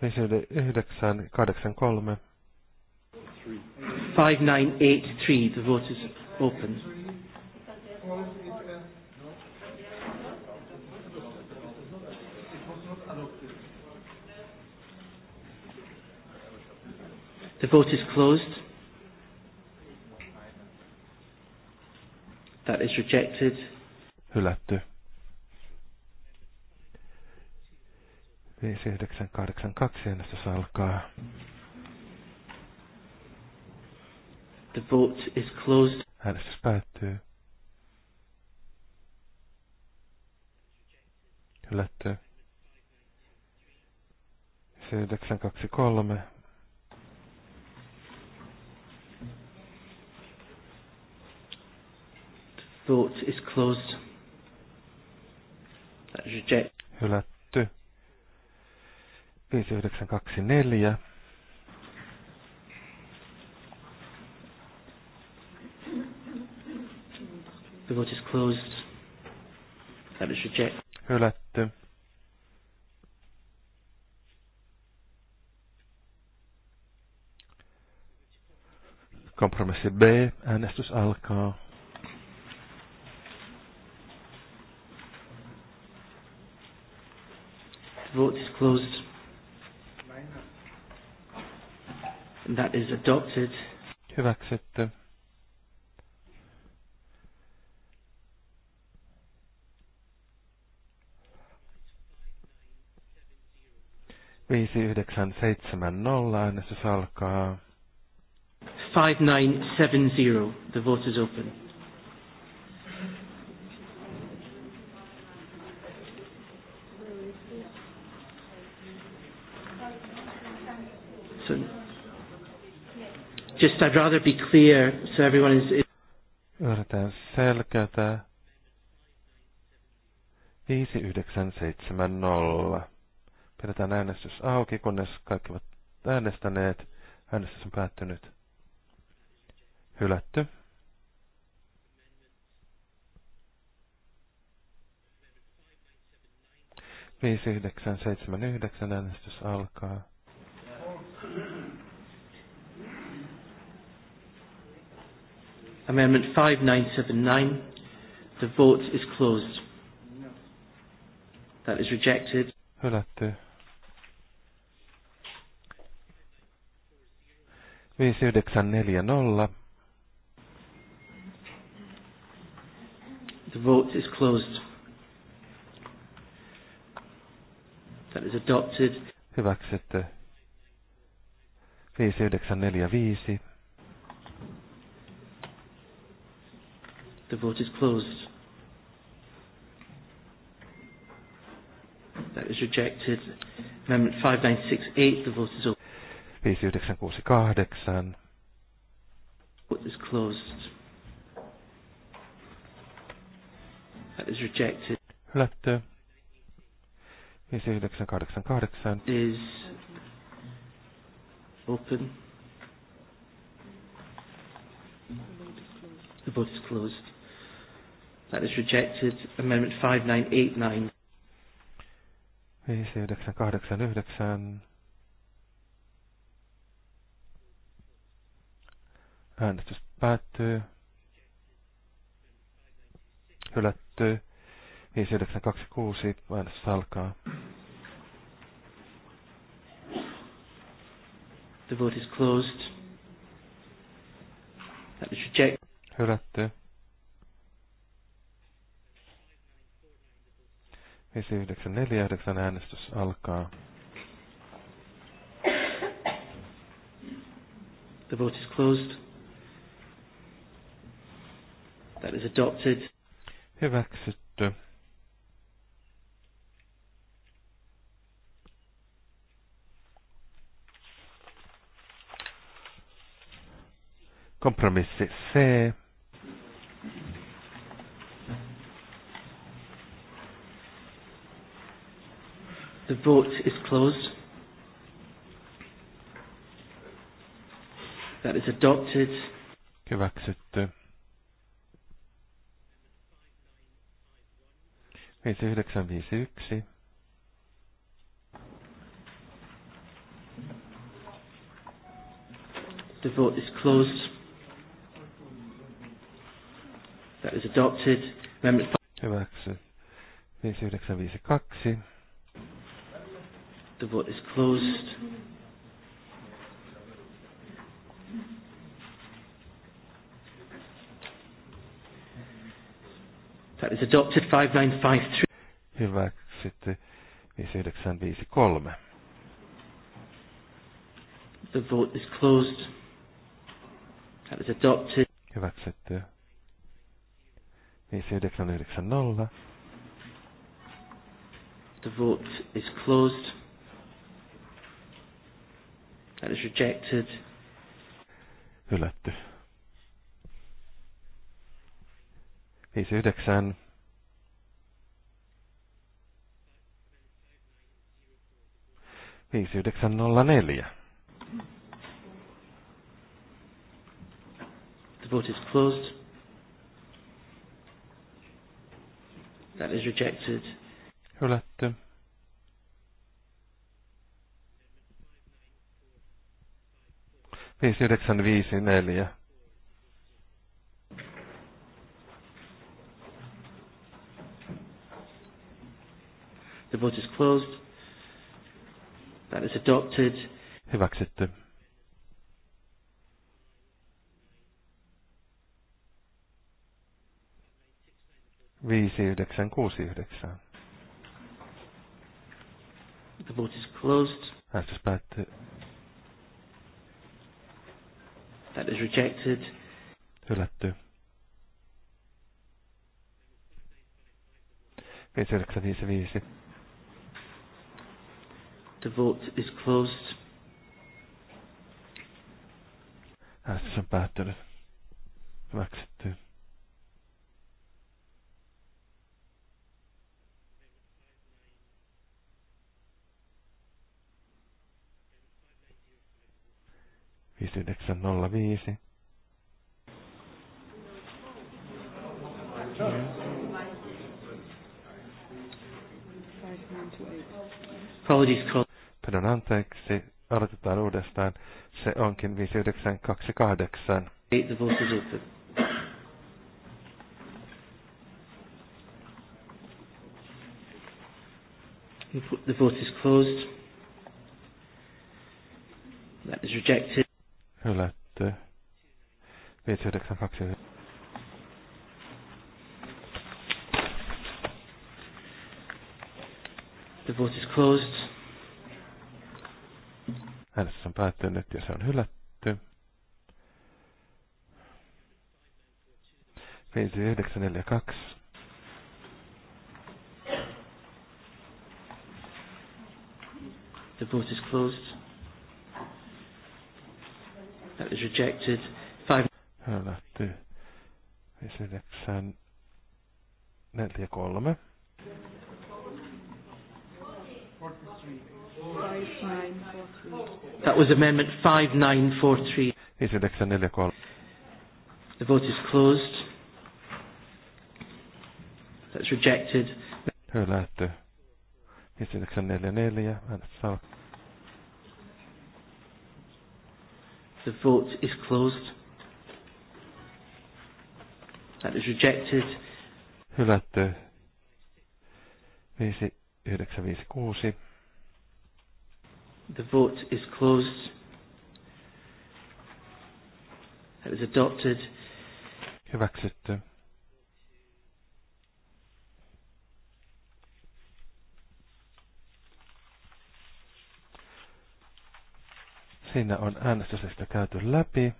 5983. the vote is open. The vote is closed. That is rejected. Hylätty. 5982 alkaa. The vote is closed. Äänestys päättyy. Hylätty. 923. The vote is closed. That is reject. Hylätty. 5924. The vote is closed. That is rejected. Hylätty. Kompromissi B. Äänestys alkaa. The vote is closed. That is adopted. Hyväksytty. Viisi yhdeksän seitsemän nolla äänestys alkaa. zero, The vote is open. So Just I'd rather be clear so everyone is... Yritän selkätä. 5970. Pidetään äänestys auki, kunnes kaikki ovat äänestäneet. Äänestys on päättynyt. Hylätty. Viisi yhdeksän seitsemän yhdeksän äänestys alkaa. Amendment 5979. The vote is closed. That is rejected. Hylätty. nolla. The vote is closed. That is adopted. Hyväksytty. 5945. The vote is closed. That is rejected. Amendment 5968, the vote is open. 5968. Vote is closed. That is rejected. Hylätty. 5988. Is open. The vote is closed. That is rejected. Amendment 5989. 5989. Äänestys päättyy. Hylätty. 5926. Äänestys alkaa. The vote is closed. That is rejected. Hylätty. 5949 äänestys alkaa. The vote is closed. That is adopted. Hyväksytty. Kompromissi C The vote is closed. That is adopted. Hyväksytty. 5951. The vote is closed. That is adopted. yhdeksän Hyväksy. kaksi. The vote is closed. That is adopted 5953. 5953. The vote is closed. That is adopted. Hyväksytty 5990. The vote is closed. That is rejected. Hylätty. 59. Viisi yhdeksän nolla neljä. The vote is closed. That is rejected. Hylätty. 5954. The vote is closed. That is adopted. Hyväksytty. Viisi yhdeksän kuusi yhdeksän. The vote is closed. Äänestys päättyy. That is rejected. Hylätty. The vote is closed. Äänestys on päättynyt. Hyväksytty. 5905. Pyydän anteeksi. Aloitetaan uudestaan. Se onkin 5928. The vote is The vote is closed. That is rejected. Hylätty. 592. The vote is closed. Äänestys on päättynyt ja se on hylätty. 5942. The vote is closed. rejected. Five. Hylätty. That was amendment 5943. The vote is closed. That's rejected. Hylätty. 5944. Äänestys alkaa. The vote is closed. That is rejected. Hylätty. 5956. The vote is closed. That is adopted. Hyväksytty. Siinä on äänestysestä käyty läpi.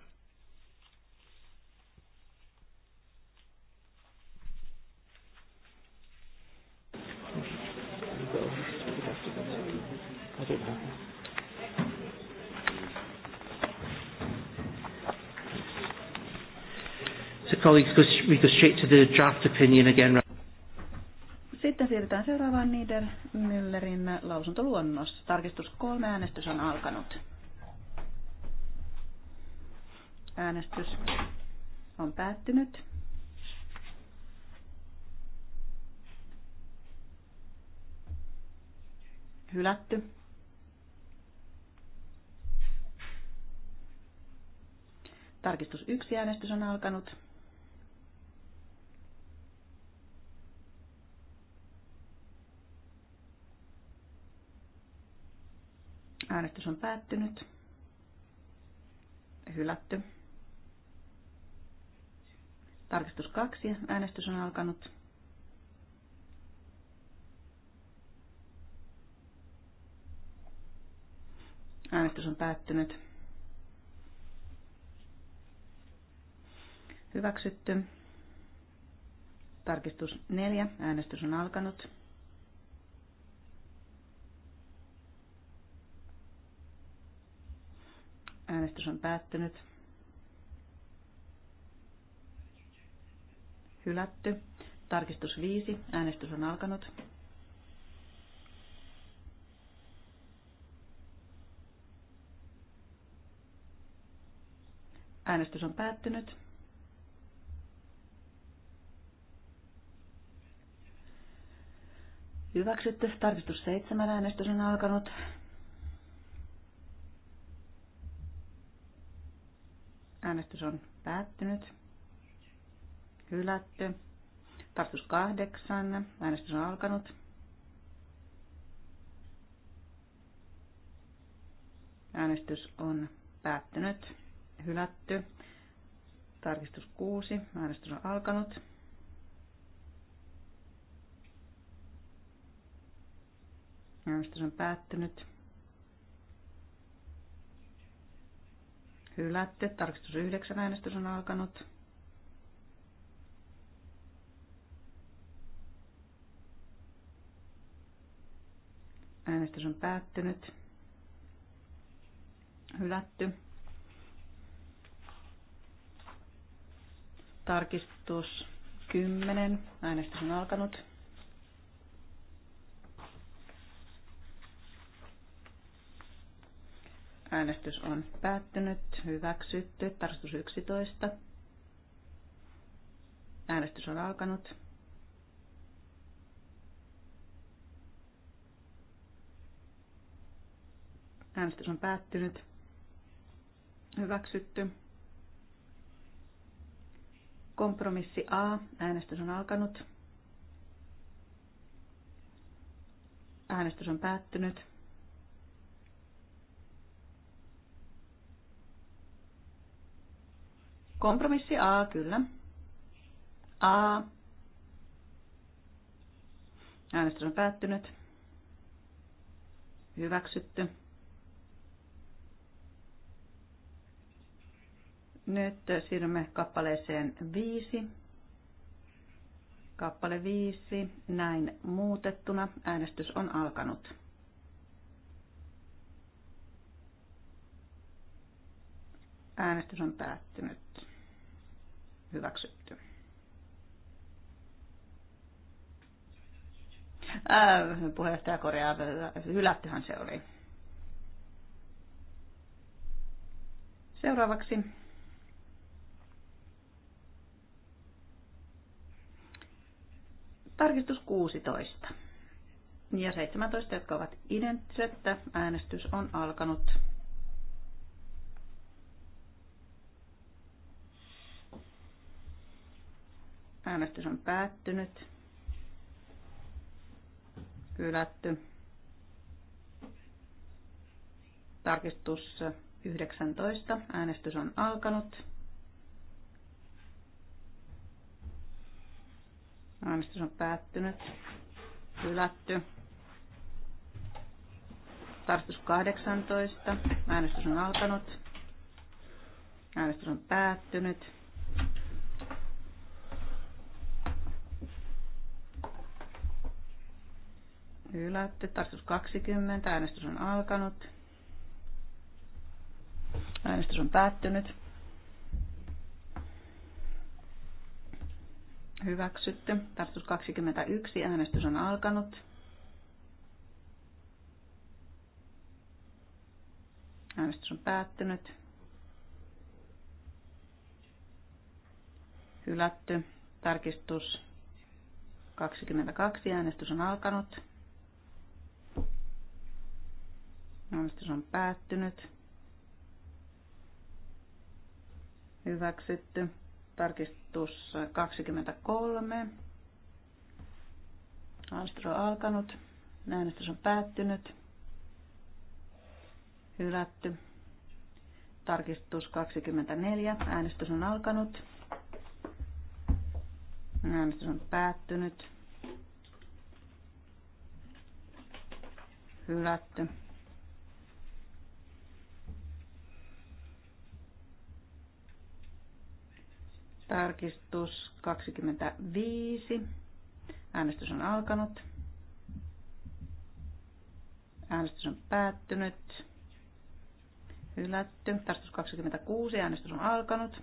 Sitten siirrytään seuraavaan Niedermüllerin lausuntoluonnos. Tarkistus kolme äänestys on alkanut. Äänestys on päättynyt. Hylätty. Tarkistus 1 äänestys on alkanut. Äänestys on päättynyt. Hylätty. Tarkistus kaksi, Äänestys on alkanut. Äänestys on päättynyt. Hyväksytty. Tarkistus 4. Äänestys on alkanut. Äänestys on päättynyt. hylätty. Tarkistus 5. Äänestys on alkanut. Äänestys on päättynyt. Hyväksytty. Tarkistus 7. Äänestys on alkanut. Äänestys on päättynyt. Hylätty. Tarkistus kahdeksan. Äänestys on alkanut. Äänestys on päättynyt. Hylätty. Tarkistus 6. Äänestys on alkanut. Äänestys on päättynyt. Hylätty. Tarkistus 9. Äänestys on alkanut. Äänestys on päättynyt. Hylätty. Tarkistus 10. Äänestys on alkanut. Äänestys on päättynyt. Hyväksytty. Tarkistus 11. Äänestys on alkanut. Äänestys on päättynyt. Hyväksytty. Kompromissi A. Äänestys on alkanut. Äänestys on päättynyt. Kompromissi A, kyllä. A. Äänestys on päättynyt. Hyväksytty. Nyt siirrymme kappaleeseen viisi. Kappale viisi, näin muutettuna. Äänestys on alkanut. Äänestys on päättynyt. Hyväksytty. Ää, äh, puheenjohtaja korjaa, hylättyhän se oli. Seuraavaksi Tarkistus 16. Ja 17, jotka ovat identtiset. Äänestys on alkanut. Äänestys on päättynyt. Hylätty. Tarkistus 19. Äänestys on alkanut. Äänestys on päättynyt. Hylätty. Tarkistus 18. Äänestys on alkanut. Äänestys on päättynyt. Hylätty. Tarkistus 20. Äänestys on alkanut. Äänestys on päättynyt. Hyväksytty. Tarkistus 21. Äänestys on alkanut. Äänestys on päättynyt. Hylätty. Tarkistus 22. Äänestys on alkanut. Äänestys on päättynyt. Hyväksytty. Tarkistus 23. on alkanut. Äänestys on päättynyt. Hylätty. Tarkistus 24. Äänestys on alkanut. Äänestys on päättynyt. Hylätty. Tarkistus 25. Äänestys on alkanut. Äänestys on päättynyt. Hylätty. Tarkistus 26. Äänestys on alkanut.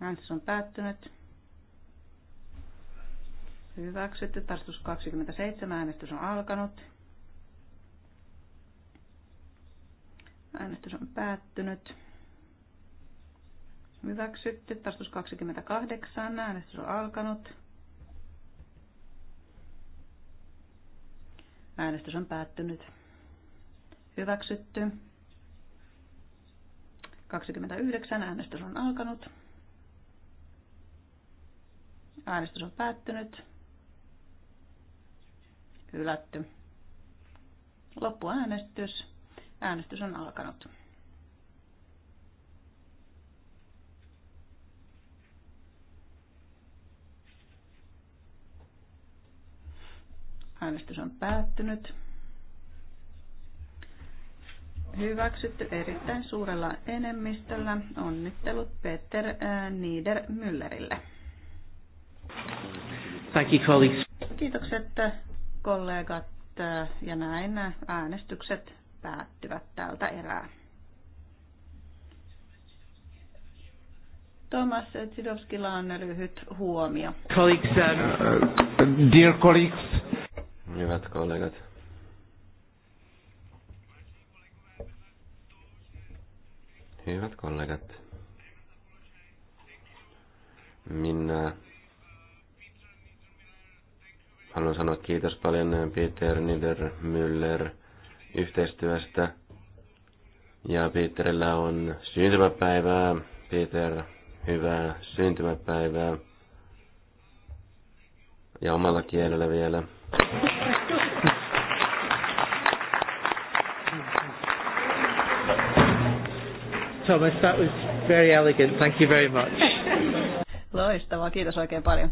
Äänestys on päättynyt. Hyväksytty. Tarkistus 27. Äänestys on alkanut. Äänestys on päättynyt. Hyväksytty. Tarkistus 28. Äänestys on alkanut. Äänestys on päättynyt. Hyväksytty. 29. Äänestys on alkanut. Äänestys on päättynyt. Hylätty. Loppuäänestys. Äänestys on alkanut. Äänestys on päättynyt. Hyväksytty erittäin suurella enemmistöllä. Onnittelut Peter äh, Niedermüllerille. Thank you, colleagues. Kiitokset kollegat äh, ja näin äänestykset päättyvät tältä erää. Thomas Zidowskilla on lyhyt huomio. Colleagues, uh, dear colleagues. Hyvät kollegat. Hyvät kollegat. Minä haluan sanoa kiitos paljon Peter Niedermüller yhteistyöstä. Ja Peterillä on syntymäpäivää. Peter, hyvää syntymäpäivää. Ja omalla kielellä vielä. Thomas, that was very elegant. Thank you very much. Loistavaa, kiitos oikein paljon.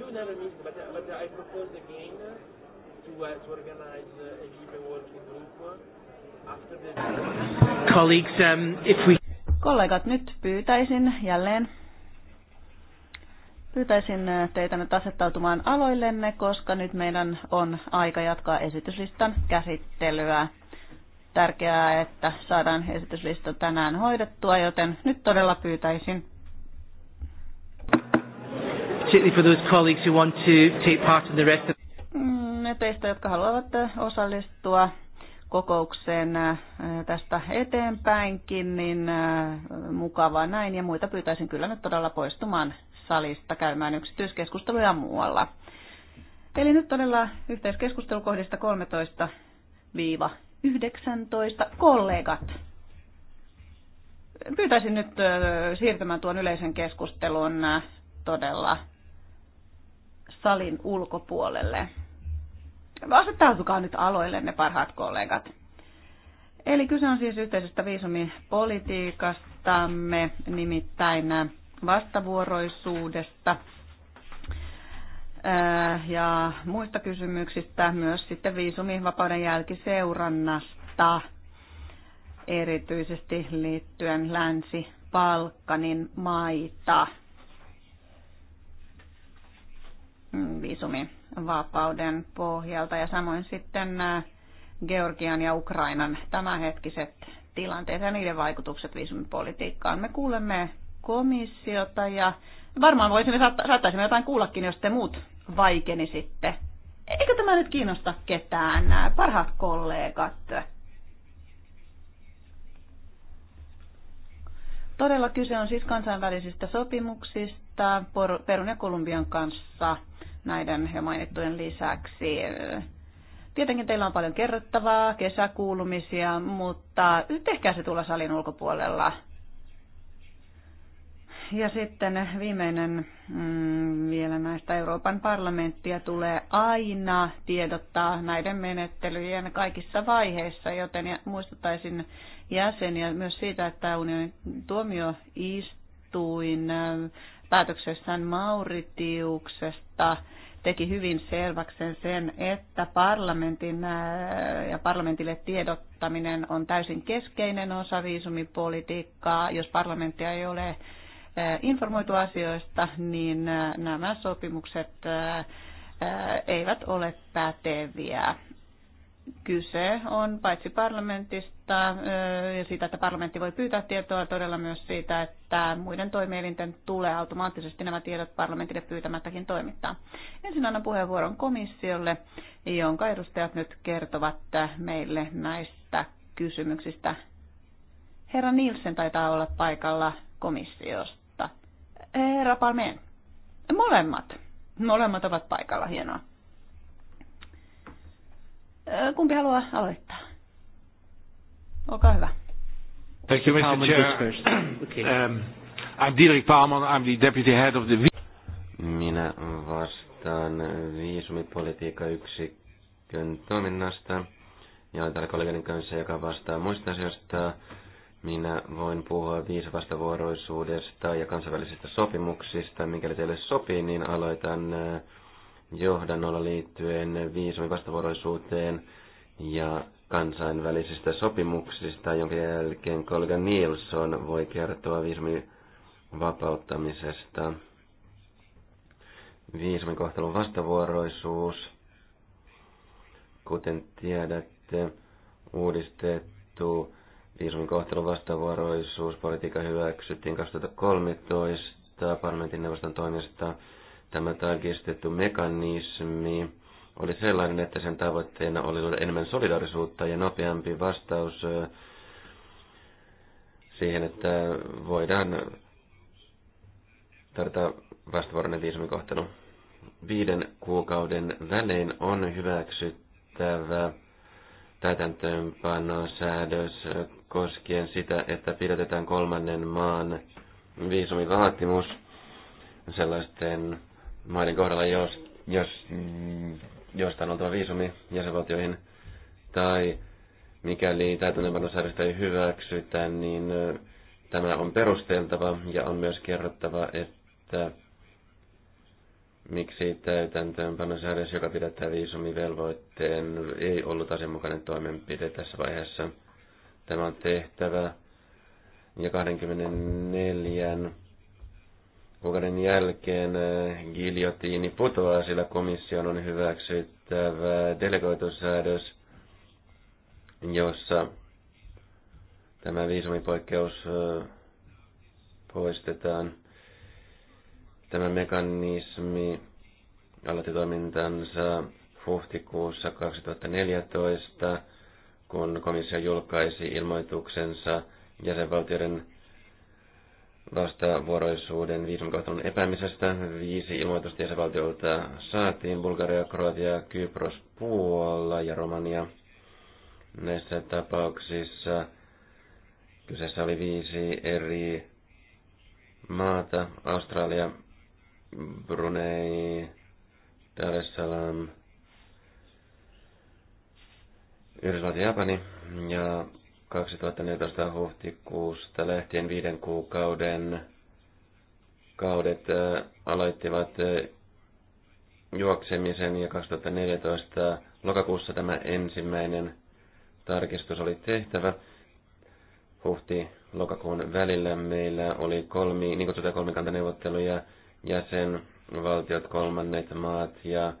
you never meet, but, uh, but uh, I propose again to, uh, to organize uh, a Libre working group after the... Colleagues, um, if we... Kollegat, nyt pyytäisin jälleen Pyytäisin uh, teitä nyt asettautumaan aloillenne, koska nyt meidän on aika jatkaa esityslistan käsittelyä. Tärkeää, että saadaan esityslista tänään hoidettua, joten nyt todella pyytäisin particularly for those colleagues who want to take part in the rest of mm, ne teistä, jotka haluavat eh, osallistua kokoukseen eh, tästä eteenpäinkin, niin eh, mukavaa näin. Ja muita pyytäisin kyllä nyt todella poistumaan salista käymään yksityiskeskusteluja muualla. Eli nyt todella yhteiskeskustelukohdista 13-19. Kollegat, pyytäisin nyt siirtymään tuon yleisen keskustelun todella salin ulkopuolelle. Asettautukaa nyt aloille ne parhaat kollegat. Eli kyse on siis yhteisestä viisumipolitiikastamme, nimittäin vastavuoroisuudesta äh, ja muista kysymyksistä, myös sitten viisumivapauden jälkiseurannasta, erityisesti liittyen länsi palkkanin maita. Mm, viisumivapauden pohjalta ja samoin sitten äh, Georgian ja Ukrainan tämänhetkiset tilanteet ja niiden vaikutukset viisumipolitiikkaan. Me kuulemme komissiota ja varmaan voisimme, saattaisimme jotain kuullakin, jos te muut vaikenisitte. Eikö tämä nyt kiinnosta ketään, äh, parhaat kollegat? Todella kyse on siis kansainvälisistä sopimuksista että Perun ja Kolumbian kanssa näiden jo mainittujen lisäksi. Tietenkin teillä on paljon kerrottavaa, kesäkuulumisia, mutta tehkää se tulla salin ulkopuolella. Ja sitten viimeinen mm, vielä näistä Euroopan parlamenttia tulee aina tiedottaa näiden menettelyjen kaikissa vaiheissa, joten muistuttaisin jäseniä myös siitä, että unionin tuomioistuin päätöksessään Mauritiuksesta teki hyvin selväksen sen, että parlamentin ja parlamentille tiedottaminen on täysin keskeinen osa viisumipolitiikkaa. Jos parlamenttia ei ole informoitu asioista, niin nämä sopimukset eivät ole päteviä kyse on paitsi parlamentista ja siitä, että parlamentti voi pyytää tietoa, todella myös siitä, että muiden toimielinten tulee automaattisesti nämä tiedot parlamentille pyytämättäkin toimittaa. Ensin annan puheenvuoron komissiolle, jonka edustajat nyt kertovat meille näistä kysymyksistä. Herra Nielsen taitaa olla paikalla komissiosta. Herra Palmeen. Molemmat. Molemmat ovat paikalla, hienoa kumpi haluaa aloittaa? Olkaa hyvä. Thank you, Mr. Chair. okay. um, I'm Dirk Paalman, I'm the deputy head of the... Minä vastaan viisumipolitiikka yksikön toiminnasta ja olen täällä kollegani kanssa, joka vastaa muista asioista. Minä voin puhua viisavastavuoroisuudesta ja kansainvälisistä sopimuksista. Mikäli teille sopii, niin aloitan äh, johdannolla liittyen viisumin vastavuoroisuuteen ja kansainvälisistä sopimuksista, jonka jälkeen kollega Nilsson voi kertoa viisumin vapauttamisesta. kohtelun vastavuoroisuus, kuten tiedätte, uudistettu kohtelun vastavuoroisuus, politiikka hyväksyttiin 2013 parlamentin neuvoston toimesta. Tämä tarkistettu mekanismi oli sellainen, että sen tavoitteena oli luoda enemmän solidarisuutta ja nopeampi vastaus siihen, että voidaan tarjota vastavuoroinen viisumikohtelu. Viiden kuukauden välein on hyväksyttävä täytäntöönpanosäädös koskien sitä, että pidätetään kolmannen maan viisumivaatimus sellaisten maiden kohdalla, jos, jos joista on oltava viisumi jäsenvaltioihin, tai mikäli täytäntöönpanosäädöstä ei hyväksytä, niin tämä on perusteltava ja on myös kerrottava, että miksi täytäntöönpanosäädös, joka pidättää viisumivelvoitteen, ei ollut asianmukainen toimenpide tässä vaiheessa. Tämä on tehtävä ja 24 kuukauden jälkeen eh, giljotiini putoaa, sillä komission on hyväksyttävä delegoitussäädös, jossa tämä viisumipoikkeus eh, poistetaan. Tämä mekanismi aloitti toimintansa huhtikuussa 2014, kun komissio julkaisi ilmoituksensa jäsenvaltioiden viisun viisumikautelun epäämisestä. Viisi ilmoitusta jäsenvaltiolta saatiin. Bulgaria, Kroatia, Kypros, Puola ja Romania. Näissä tapauksissa kyseessä oli viisi eri maata. Australia, Brunei, Dar es Salaam, ja Japani. Ja 2014 huhtikuusta lähtien viiden kuukauden kaudet äh, aloittivat äh, juoksemisen ja 2014 lokakuussa tämä ensimmäinen tarkistus oli tehtävä. Huhti-lokakuun välillä meillä oli kolmi, niin kutsutaan kolmikantaneuvotteluja, jäsenvaltiot, kolmannet maat ja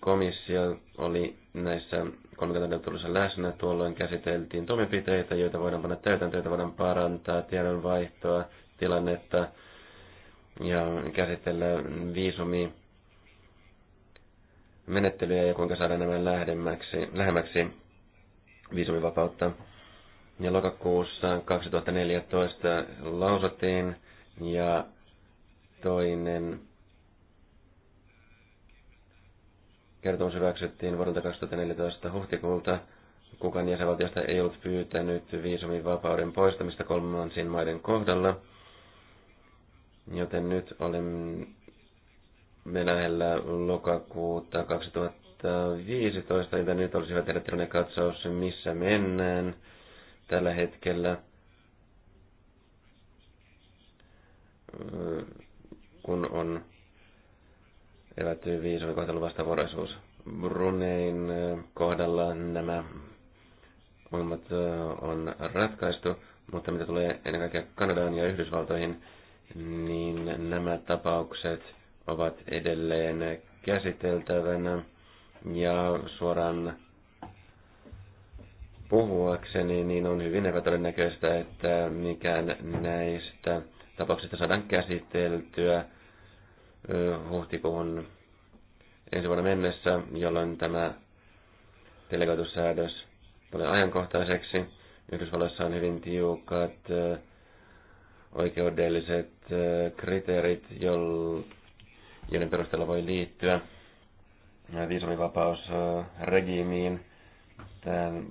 komissio oli näissä kolmikantaneuvotteluissa läsnä. Tuolloin käsiteltiin toimenpiteitä, joita voidaan panna täytäntöön, joita voidaan parantaa, tiedonvaihtoa, tilannetta ja käsitellä viisumi menettelyjä ja kuinka saada nämä lähemmäksi, lähemmäksi viisumivapautta. Ja lokakuussa 2014 lausuttiin ja toinen Kertomus hyväksyttiin vuodelta 2014 huhtikuulta. Kukaan jäsenvaltiosta ei ollut pyytänyt viisumin vapauden poistamista kolmansien maiden kohdalla, joten nyt olemme lähellä lokakuuta 2015, joten nyt olisi hyvä tehdä tilanne katsaus, missä mennään tällä hetkellä. kun on evättyy viisumikohtelun vastavuoroisuus. Brunein äh, kohdalla nämä ongelmat äh, on ratkaistu, mutta mitä tulee ennen kaikkea Kanadaan ja Yhdysvaltoihin, niin nämä tapaukset ovat edelleen käsiteltävänä ja suoraan puhuakseni, niin on hyvin epätodennäköistä, että mikään näistä tapauksista saadaan käsiteltyä – huhtikuun ensi vuonna mennessä, jolloin tämä delegoitussäädös tulee ajankohtaiseksi. Yhdysvalloissa on hyvin tiukat oikeudelliset kriteerit, joiden perusteella voi liittyä viisumivapausregiimiin. Tämän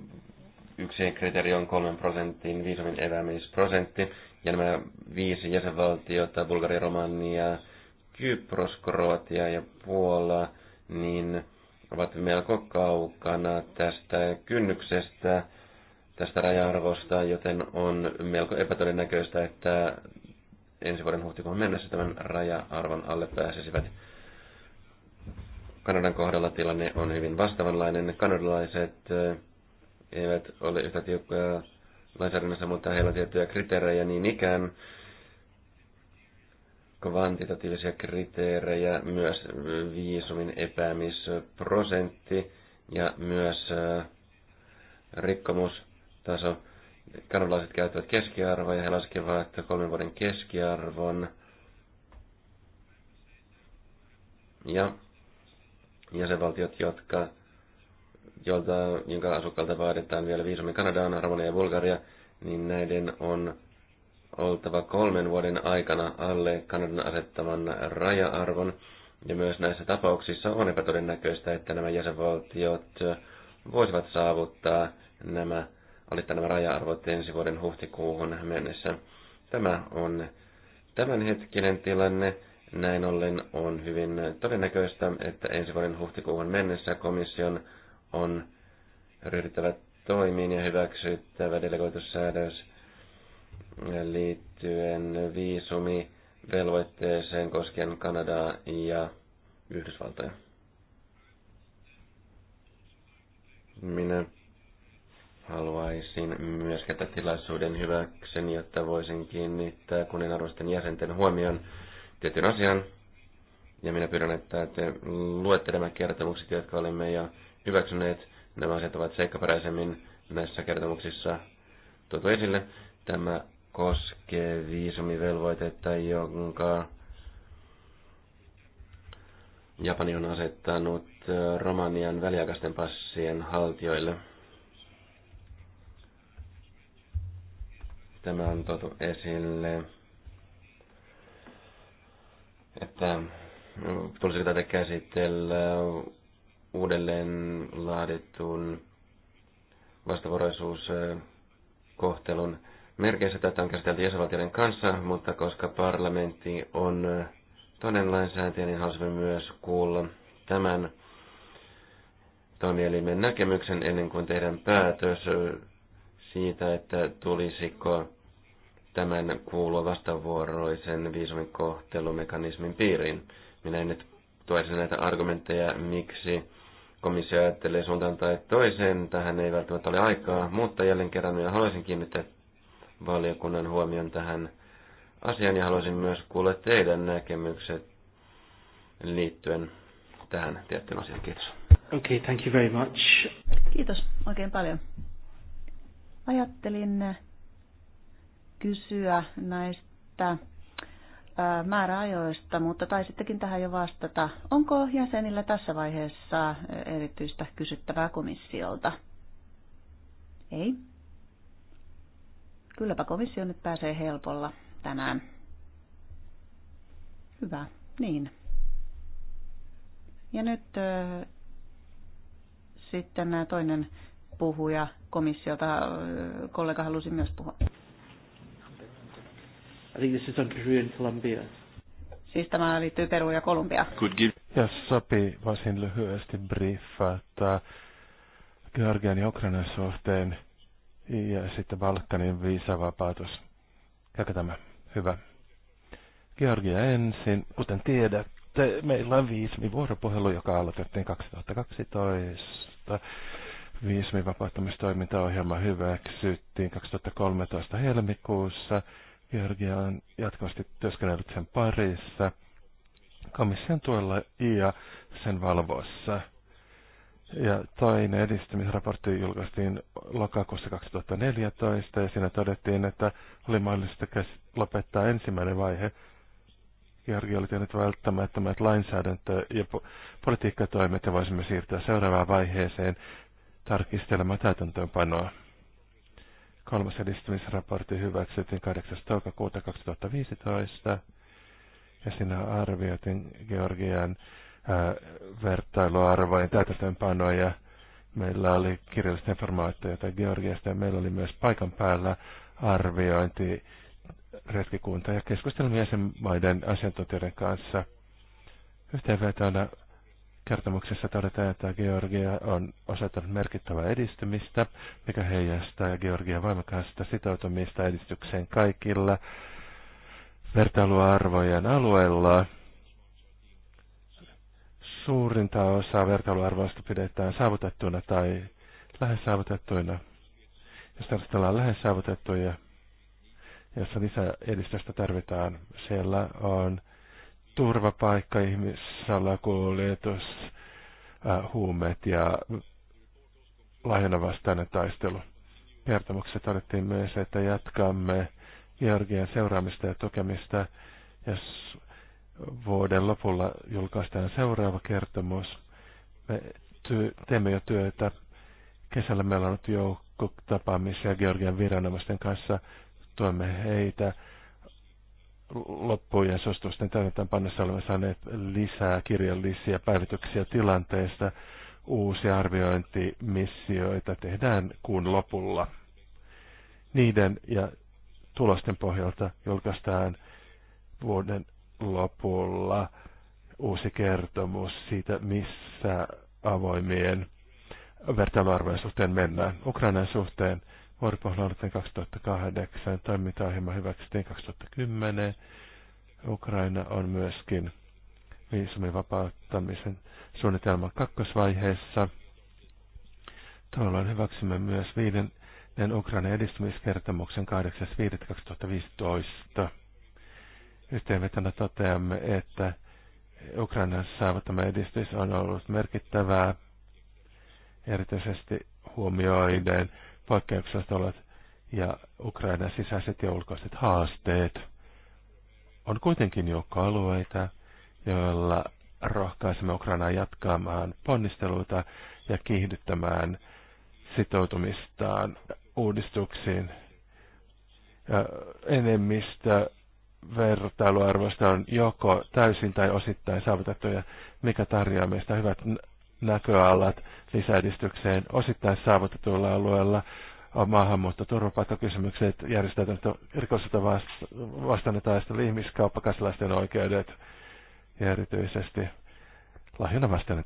yksi kriteeri on kolmen prosentin viisumin eväämisprosentti, ja nämä viisi jäsenvaltiota, Bulgaria, Romania, Kypros, Kroatia ja Puola, niin ovat melko kaukana tästä kynnyksestä, tästä raja-arvosta, joten on melko epätodennäköistä, että ensi vuoden huhtikuun mennessä tämän raja-arvon alle pääsisivät. Kanadan kohdalla tilanne on hyvin vastaavanlainen. Kanadalaiset eh, eivät ole yhtä tiukkoja lainsäädännössä, mutta heillä on tiettyjä kriteerejä niin ikään kvantitatiivisia kriteerejä, myös viisumin epäämisprosentti ja myös äh, rikkomustaso. Kanadalaiset käyttävät keskiarvoa ja he laskevat kolmen vuoden keskiarvon. Ja jäsenvaltiot, jotka, jolta, jonka asukkaalta vaaditaan vielä viisumi Kanadaan, Romania ja Bulgaria, niin näiden on oltava kolmen vuoden aikana alle Kanadan asettavan raja-arvon. Ja myös näissä tapauksissa on epätodennäköistä, että nämä jäsenvaltiot voisivat saavuttaa nämä, alittaa nämä raja-arvot ensi vuoden huhtikuuhun mennessä. Tämä on tämänhetkinen tilanne. Näin ollen on hyvin todennäköistä, että ensi vuoden huhtikuuhun mennessä komission on ryhdyttävä toimiin ja hyväksyttävä delegoitussäädös liittyen viisumivelvoitteeseen koskien Kanadaa ja Yhdysvaltoja. Minä haluaisin myös käyttää tilaisuuden hyväkseni, jotta voisin kiinnittää kunnianarvoisten jäsenten huomion tietyn asian. Ja minä pyydän, että te luette nämä kertomukset, jotka olemme jo hyväksyneet. Nämä asiat ovat seikkaperäisemmin näissä kertomuksissa tuotu esille. Tämä koskee viisumivelvoitetta, jonka Japani on asettanut äh, Romanian väliaikaisten passien haltijoille. Tämä on tuotu esille, että tulisiko tätä käsitellä uudelleen laadittuun vastavuoroisuuskohtelun merkeissä tätä on käsitelty jäsenvaltioiden kanssa, mutta koska parlamentti on äh, toinen lainsäätäjä, niin haluaisimme myös kuulla tämän toimielimen näkemyksen ennen kuin tehdään päätös äh, siitä, että tulisiko tämän kuulua vastavuoroisen viisumikohtelumekanismin piiriin. Minä en nyt tuoisi näitä argumentteja, miksi komissio ajattelee suuntaan tai toiseen. Tähän ei välttämättä ole aikaa, mutta jälleen kerran minä haluaisin kiinnittää valiokunnan huomion tähän asiaan ja haluaisin myös kuulla teidän näkemykset liittyen tähän tiettyyn asiaan. Kiitos. Okay, thank you very much. Kiitos oikein paljon. Ajattelin kysyä näistä määräajoista, mutta taisittekin tähän jo vastata. Onko jäsenillä tässä vaiheessa erityistä kysyttävää komissiolta? Ei. Kylläpä komissio nyt pääsee helpolla tänään. Hyvä, niin. Ja nyt äh, sitten äh, toinen puhuja komissiota, äh, kollega halusi myös puhua. I think this is on Peru and Colombia. Siis tämä liittyy Peru ja Kolumbia. Ja sopii varsin lyhyesti briefata Georgian ja Ukrainan suhteen ja sitten Balkanin viisavapautus. Käykö tämä? Hyvä. Georgia ensin. Kuten tiedätte, meillä on viisumi-vuoropuhelu, joka aloitettiin 2012. Viisumi-vapauttamistoimintaohjelma hyväksyttiin 2013 helmikuussa. Georgia on jatkuvasti työskennellyt sen parissa komission tuella ja sen valvoissa. Ja toinen edistymisraportti julkaistiin lokakuussa 2014 ja siinä todettiin, että oli mahdollista lopettaa ensimmäinen vaihe. Georgia oli tehnyt välttämättömät lainsäädäntö- ja politiikkatoimet ja voisimme siirtyä seuraavaan vaiheeseen tarkistelemaan täytäntöönpanoa. Kolmas edistymisraportti hyväksyttiin 8. toukokuuta 2015 ja siinä arvioitiin Georgian vertailuarvojen täytäntöönpanoja. Meillä oli kirjallista informaatiota Georgiasta ja meillä oli myös paikan päällä arviointi retkikunta ja keskustelimme jäsenmaiden asiantuntijoiden kanssa. Yhteenvetona kertomuksessa todetaan, että Georgia on osoittanut merkittävää edistymistä, mikä heijastaa Georgian voimakasta sitoutumista edistykseen kaikilla vertailuarvojen alueilla suurinta osaa vertailuarvoista pidetään saavutettuina tai lähes saavutettuina. Jos tarkastellaan lähes saavutettuja, jossa lisäedistöstä tarvitaan, siellä on turvapaikka, ihmissalakuljetus, äh, huumeet ja lahjanavastainen taistelu. Kertomuksessa todettiin myös, että jatkamme Georgian seuraamista ja tukemista, jos vuoden lopulla julkaistaan seuraava kertomus. Me työ, teemme jo työtä. Kesällä meillä on ollut joukko tapaamisia Georgian viranomaisten kanssa. Tuemme heitä loppuun ja suostusten täytetään pannassa olemme saaneet lisää kirjallisia päivityksiä tilanteesta. Uusia arviointimissioita tehdään kuun lopulla. Niiden ja tulosten pohjalta julkaistaan vuoden lopulla uusi kertomus siitä, missä avoimien vertailuarvojen suhteen mennään. Ukrainan suhteen vuoripohjalla 2008, toimintaohjelma hyväksyttiin 2010. Ukraina on myöskin viisumin vapauttamisen suunnitelman kakkosvaiheessa. Tuolloin hyväksymme myös viiden Ukrainan edistymiskertomuksen 8.5.2015. Yhteenvetona toteamme, että Ukrainan saavuttama edistys on ollut merkittävää, erityisesti huomioiden poikkeukset olot ja Ukrainan sisäiset ja ulkoiset haasteet. On kuitenkin joukko alueita, joilla rohkaisemme Ukrainaa jatkamaan ponnisteluita ja kiihdyttämään sitoutumistaan uudistuksiin. Enemmistö vertailuarvoista on joko täysin tai osittain saavutettuja, mikä tarjoaa meistä hyvät näköalat lisäedistykseen osittain saavutetuilla alueilla on maahanmuutto, turvapaikkakysymykset, järjestäytynyt rikosilta vastainen ihmiskauppakaslaisten oikeudet ja erityisesti lahjana vastainen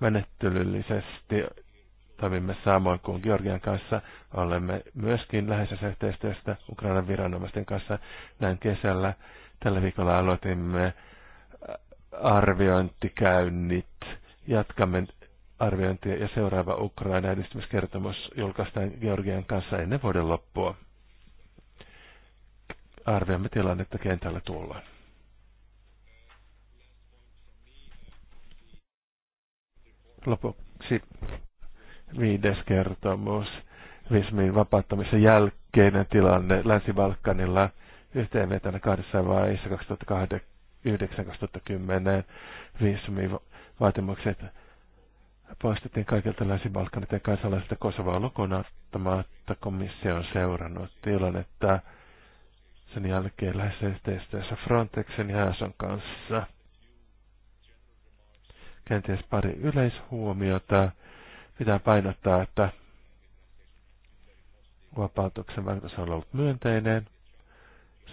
Menettelyllisesti toimimme samoin kuin Georgian kanssa. Olemme myöskin läheisessä yhteistyössä Ukrainan viranomaisten kanssa. Näin kesällä tällä viikolla aloitimme äh, arviointikäynnit. Jatkamme arviointia ja seuraava Ukraina edistymiskertomus julkaistaan Georgian kanssa ennen vuoden loppua. Arvioimme tilannetta kentällä tuolloin. Lopuksi viides kertomus, Vismin vapauttamisen jälkeinen tilanne Länsi-Balkanilla yhteenvetona kahdessa vaiheessa 2009-2010 Vismin vaatimukset poistettiin kaikilta Länsi-Balkanit ja kansalaisilta Kosovaa lukuun ottamatta komissio on seurannut tilannetta sen jälkeen lähes yhteistyössä Frontexin ja Ason kanssa. Kenties pari yleishuomiota Pitää painottaa, että vapautuksen vaikutus on ollut myönteinen.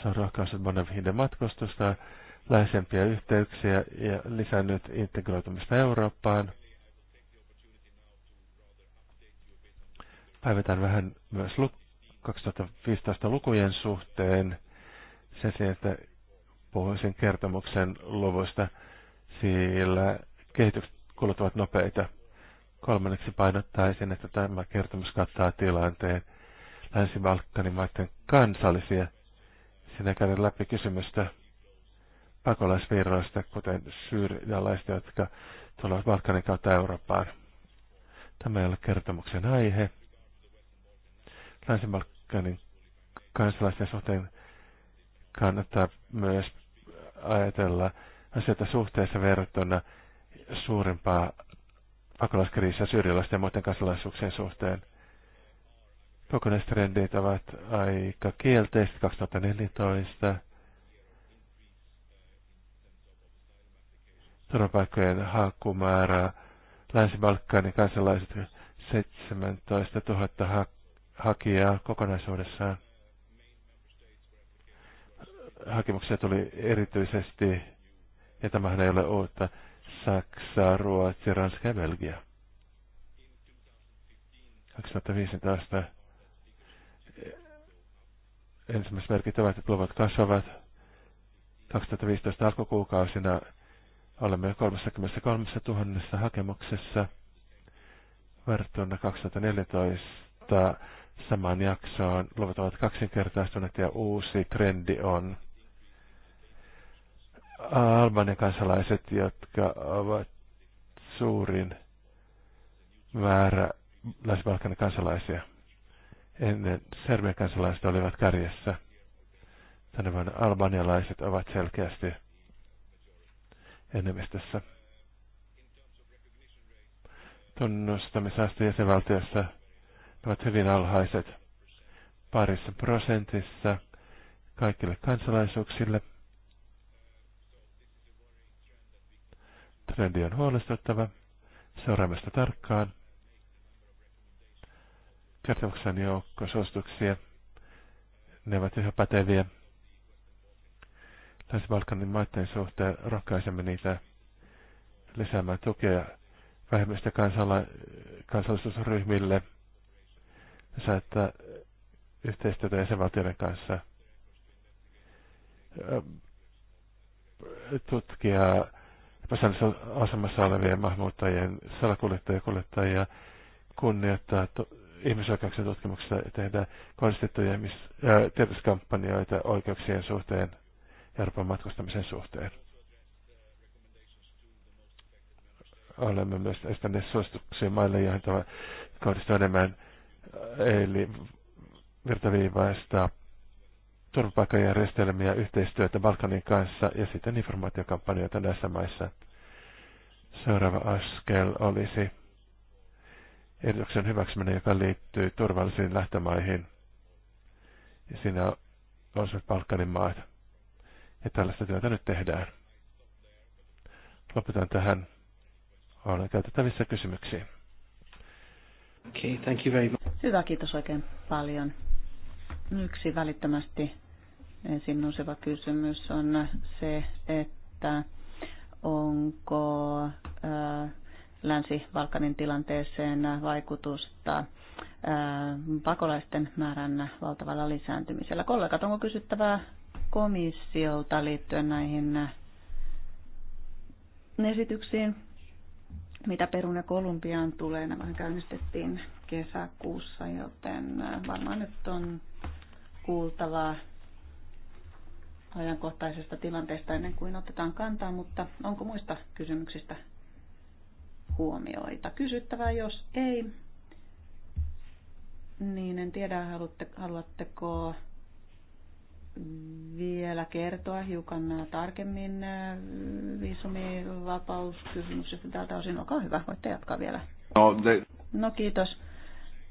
Se on rohkaissut Bonavihden matkustusta, läheisempiä yhteyksiä ja lisännyt integroitumista Eurooppaan. Päivitän vähän myös 2015 lukujen suhteen sen sijaan, että puhuisin kertomuksen luvusta, sillä kehitykset kulut ovat nopeita. Kolmanneksi painottaisin, että tämä kertomus kattaa tilanteen Länsi-Balkanin maiden kansallisia. Sinä käydään läpi kysymystä pakolaisvirroista, kuten syyrialaista, jotka tulevat Balkanin kautta Eurooppaan. Tämä ei ole kertomuksen aihe. Länsi-Balkanin kansalaisten suhteen kannattaa myös ajatella asioita suhteessa verrattuna suurimpaa pakolaiskriisiä syyrialaisten ja muiden kansalaisuuksien suhteen. Kokonaistrendit ovat aika kielteiset 2014. Turvapaikkojen hakumäärä Länsi-Balkanin kansalaiset 17 000 ha- hakijaa kokonaisuudessaan. Hakemuksia tuli erityisesti, ja tämähän ei ole uutta, Saksa, Ruotsi, Ranska ja Belgia. 2015 ensimmäiset merkit ovat, että luvat kasvavat. 2015 alkukuukausina olemme 33 000 hakemuksessa verrattuna 2014 samaan jaksoon. luvat ovat kaksinkertaistuneet ja uusi trendi on Albanian kansalaiset, jotka ovat suurin määrä länsi kansalaisia. Ennen Serbian kansalaiset olivat kärjessä. Tänä vuonna albanialaiset ovat selkeästi enemmistössä. Tunnustamisaste jäsenvaltiossa ne ovat hyvin alhaiset, parissa prosentissa kaikille kansalaisuuksille – Trendi on huolestuttava. Seuraamme sitä tarkkaan. Kertomuksen joukko suosituksia. Ne ovat yhä päteviä. Länsi-Balkanin maiden suhteen rohkaisemme niitä lisäämään tukea vähemmistä kansala- kansallisuusryhmille saattaa yhteistyötä jäsenvaltioiden kanssa tutkia epäsäännössä asemassa olevien maahanmuuttajien salakuljettajia kuljettajia kunnioittaa to- ihmisoikeuksien tutkimuksessa tehdä kohdistettuja ihmis- tiedotuskampanjoita oikeuksien suhteen ja Euroopan matkustamisen suhteen. Olemme myös estäneet suosituksia maille, joihin kohdistuu enemmän, eli virtaviivaista turvapaikkajärjestelmiä, yhteistyötä Balkanin kanssa ja sitten informaatiokampanjoita näissä maissa. Seuraava askel olisi ehdotuksen hyväksyminen, joka liittyy turvallisiin lähtömaihin. Ja siinä on se Balkanin maat. Ja tällaista työtä nyt tehdään. Lopetan tähän. Olen käytettävissä kysymyksiin. Okay, thank you very much. Hyvä, kiitos oikein paljon. Yksi välittömästi Ensin nouseva kysymys on se, että onko Länsi-Balkanin tilanteeseen vaikutusta pakolaisten määrän valtavalla lisääntymisellä. Kollegat, onko kysyttävää komissiolta liittyen näihin esityksiin, mitä Perun ja Kolumbiaan tulee. Nämä käynnistettiin kesäkuussa, joten varmaan nyt on kuultavaa ajankohtaisesta tilanteesta ennen kuin otetaan kantaa, mutta onko muista kysymyksistä huomioita kysyttävää? Jos ei, niin en tiedä, haluatte, haluatteko vielä kertoa hiukan tarkemmin äh, viisumivapauskysymyksestä tältä osin. Olkaa hyvä, voitte jatkaa vielä. No, te... no kiitos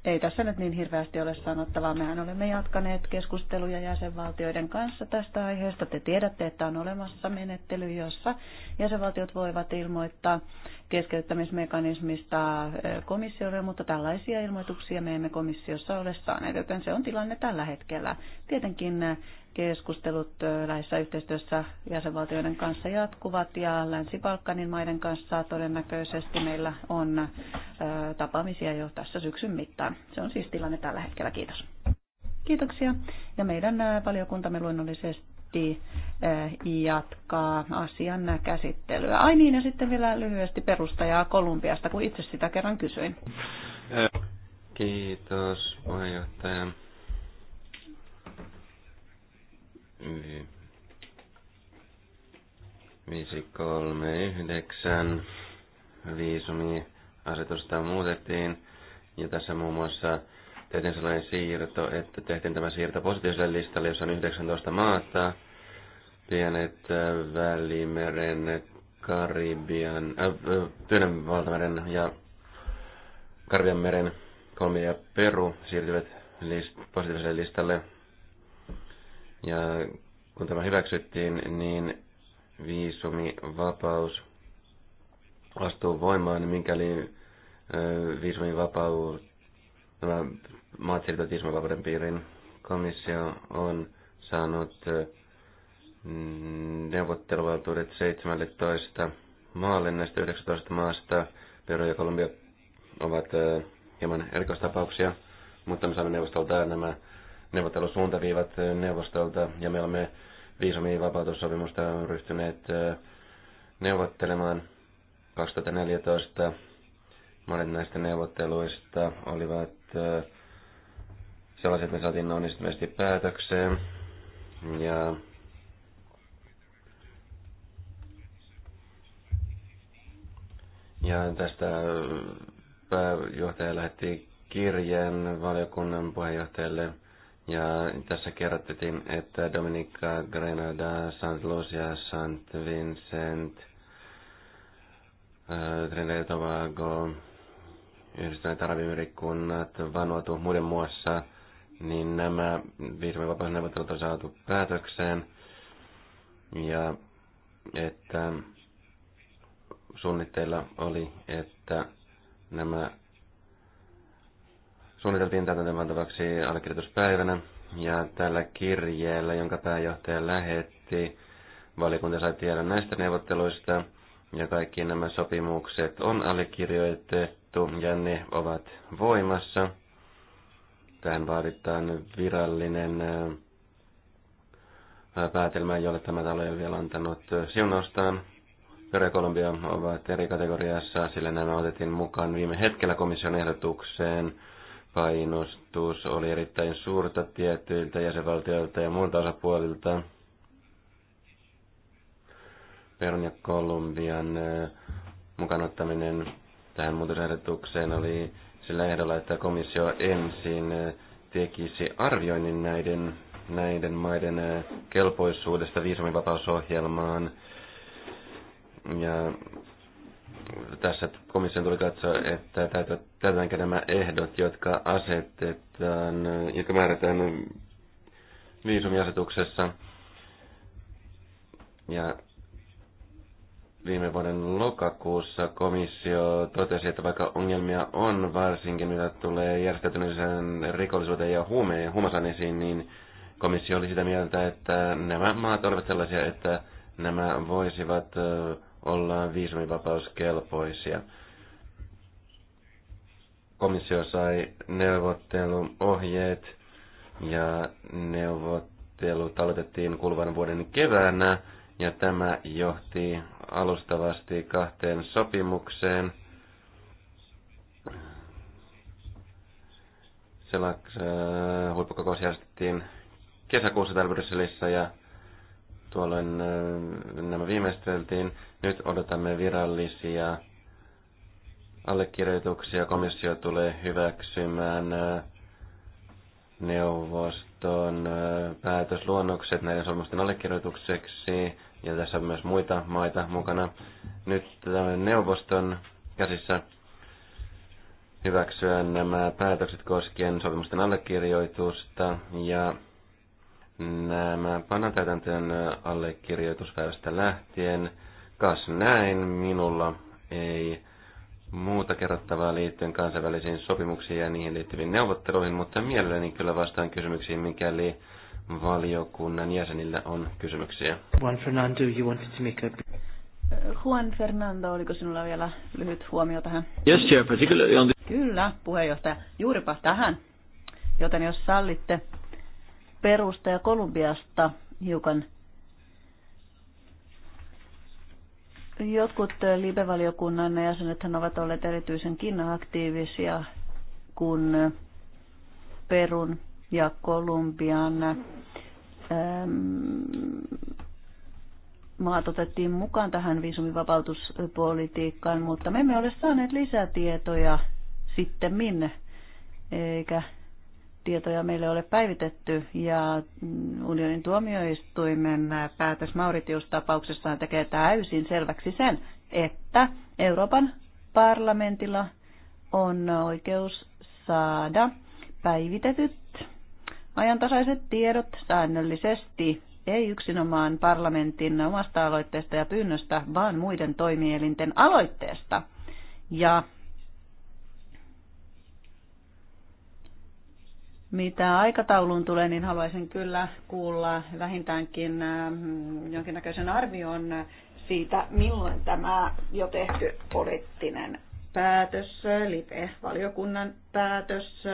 ei tässä nyt niin hirveästi ole sanottavaa. Mehän olemme jatkaneet keskusteluja jäsenvaltioiden kanssa tästä aiheesta. Te tiedätte, että on olemassa menettely, jossa jäsenvaltiot voivat ilmoittaa keskeyttämismekanismista komissiolle, mutta tällaisia ilmoituksia me emme komissiossa ole saaneet, joten se on tilanne tällä hetkellä. Tietenkin keskustelut lähissä yhteistyössä jäsenvaltioiden kanssa jatkuvat ja Länsi-Balkanin maiden kanssa todennäköisesti meillä on tapaamisia jo tässä syksyn mittaan. Se on siis tilanne tällä hetkellä. Kiitos. Kiitoksia. Ja meidän valiokuntamme luonnollisesti piti eh, jatkaa asian käsittelyä. Ai niin, ja sitten vielä lyhyesti perustajaa Kolumbiasta, kun itse sitä kerran kysyin. Kiitos puheenjohtaja. Viisi kolme yhdeksän viisumiasetusta muutettiin ja tässä muun muassa tehtiin sellainen siirto, että tehtiin tämä siirto positiiviselle listalle, jossa on 19 maata, pienet äh, Välimeren, Karibian, äh, äh valtameren ja meren Kolmi ja Peru siirtyvät list, positiiviselle listalle. Ja kun tämä hyväksyttiin, niin viisumivapaus astuu voimaan, mikäli äh, viisumivapaus, nämä maat siirtyvät viisumivapauden piiriin. Komissio on saanut Mm, neuvotteluvaltuudet 17 maalle näistä 19 maasta. Peru ja Kolumbia ovat hieman erikoistapauksia, mutta me saamme neuvostolta nämä neuvottelusuuntaviivat neuvostolta ja me olemme vapautussopimusta ryhtyneet neuvottelemaan 2014. Monet näistä neuvotteluista olivat sellaiset, me saatiin onnistuneesti päätökseen ja Ja tästä äh, pääjohtaja lähetti kirjeen valiokunnan puheenjohtajalle. Ja tässä kerrottiin, että Dominica, Grenada, St. Lucia, St. Vincent, äh, Trinidad ja Tobago, Yhdistyneet Arabiemirikunnat, Vanuatu muiden muassa, niin nämä vapausneuvottelut on saatu päätökseen. Ja että suunnitteilla oli, että nämä suunniteltiin täytäntöpantavaksi allekirjoituspäivänä. Ja tällä kirjeellä, jonka pääjohtaja lähetti, valiokunta sai tiedon näistä neuvotteluista ja kaikki nämä sopimukset on allekirjoitettu ja ne ovat voimassa. Tähän vaaditaan virallinen päätelmä, jolle tämä talo ei ole vielä antanut siunaustaan. Peru Kolumbia ovat eri kategoriassa, sillä nämä otettiin mukaan viime hetkellä komission ehdotukseen. Painostus oli erittäin suurta tietyiltä jäsenvaltioilta ja muilta osapuolilta. Perun ja Kolumbian mukanottaminen tähän muutosehdotukseen oli sillä ehdolla, että komissio ensin tekisi arvioinnin näiden, näiden maiden kelpoisuudesta viisumivapausohjelmaan – ja tässä komission tuli katsoa, että täytetäänkö nämä ehdot, jotka asetetaan, jotka määrätään viisumiasetuksessa. Ja viime vuoden lokakuussa komissio totesi, että vaikka ongelmia on varsinkin, mitä tulee järjestäytyneeseen rikollisuuteen ja huumeen ja huumasanisiin, niin komissio oli sitä mieltä, että nämä maat olivat sellaisia, että nämä voisivat ollaan viisumivapauskelpoisia. Komissio sai neuvottelun ohjeet ja neuvottelut aloitettiin kuluvan vuoden keväänä ja tämä johti alustavasti kahteen sopimukseen. Selaks äh, huippukokous järjestettiin kesäkuussa täällä Brysselissä ja Tuolloin nämä viimeisteltiin. Nyt odotamme virallisia allekirjoituksia. Komissio tulee hyväksymään neuvoston päätösluonnokset näiden sopimusten allekirjoitukseksi, ja tässä on myös muita maita mukana. Nyt neuvoston käsissä hyväksyä nämä päätökset koskien sopimusten allekirjoitusta, ja nämä täytäntöön äh, allekirjoitusväärästä lähtien. Kas näin, minulla ei muuta kerrottavaa liittyen kansainvälisiin sopimuksiin ja niihin liittyviin neuvotteluihin, mutta mielelläni kyllä vastaan kysymyksiin, mikäli valiokunnan jäsenillä on kysymyksiä. Juan Fernando, you wanted to make a... Juan Fernando, oliko sinulla vielä lyhyt huomio tähän? Yes, chair, particularly on the... Kyllä, puheenjohtaja, juuripa tähän. Joten jos sallitte, Perusta ja Kolumbiasta hiukan. Jotkut libevaliokunnan jäsenet ovat olleet erityisen kinnaaktiivisia, kun Perun ja Kolumbian ähm, maat otettiin mukaan tähän viisumivapautuspolitiikkaan, mutta me emme ole saaneet lisätietoja sitten minne, eikä tietoja meille ole päivitetty ja unionin tuomioistuimen päätös Mauritius-tapauksessaan tekee täysin selväksi sen, että Euroopan parlamentilla on oikeus saada päivitetyt ajantasaiset tiedot säännöllisesti, ei yksinomaan parlamentin omasta aloitteesta ja pyynnöstä, vaan muiden toimielinten aloitteesta. Ja Mitä aikatauluun tulee, niin haluaisin kyllä kuulla vähintäänkin ähm, jonkinnäköisen arvion siitä, milloin tämä jo tehty poliittinen päätös, LIPE-valiokunnan päätös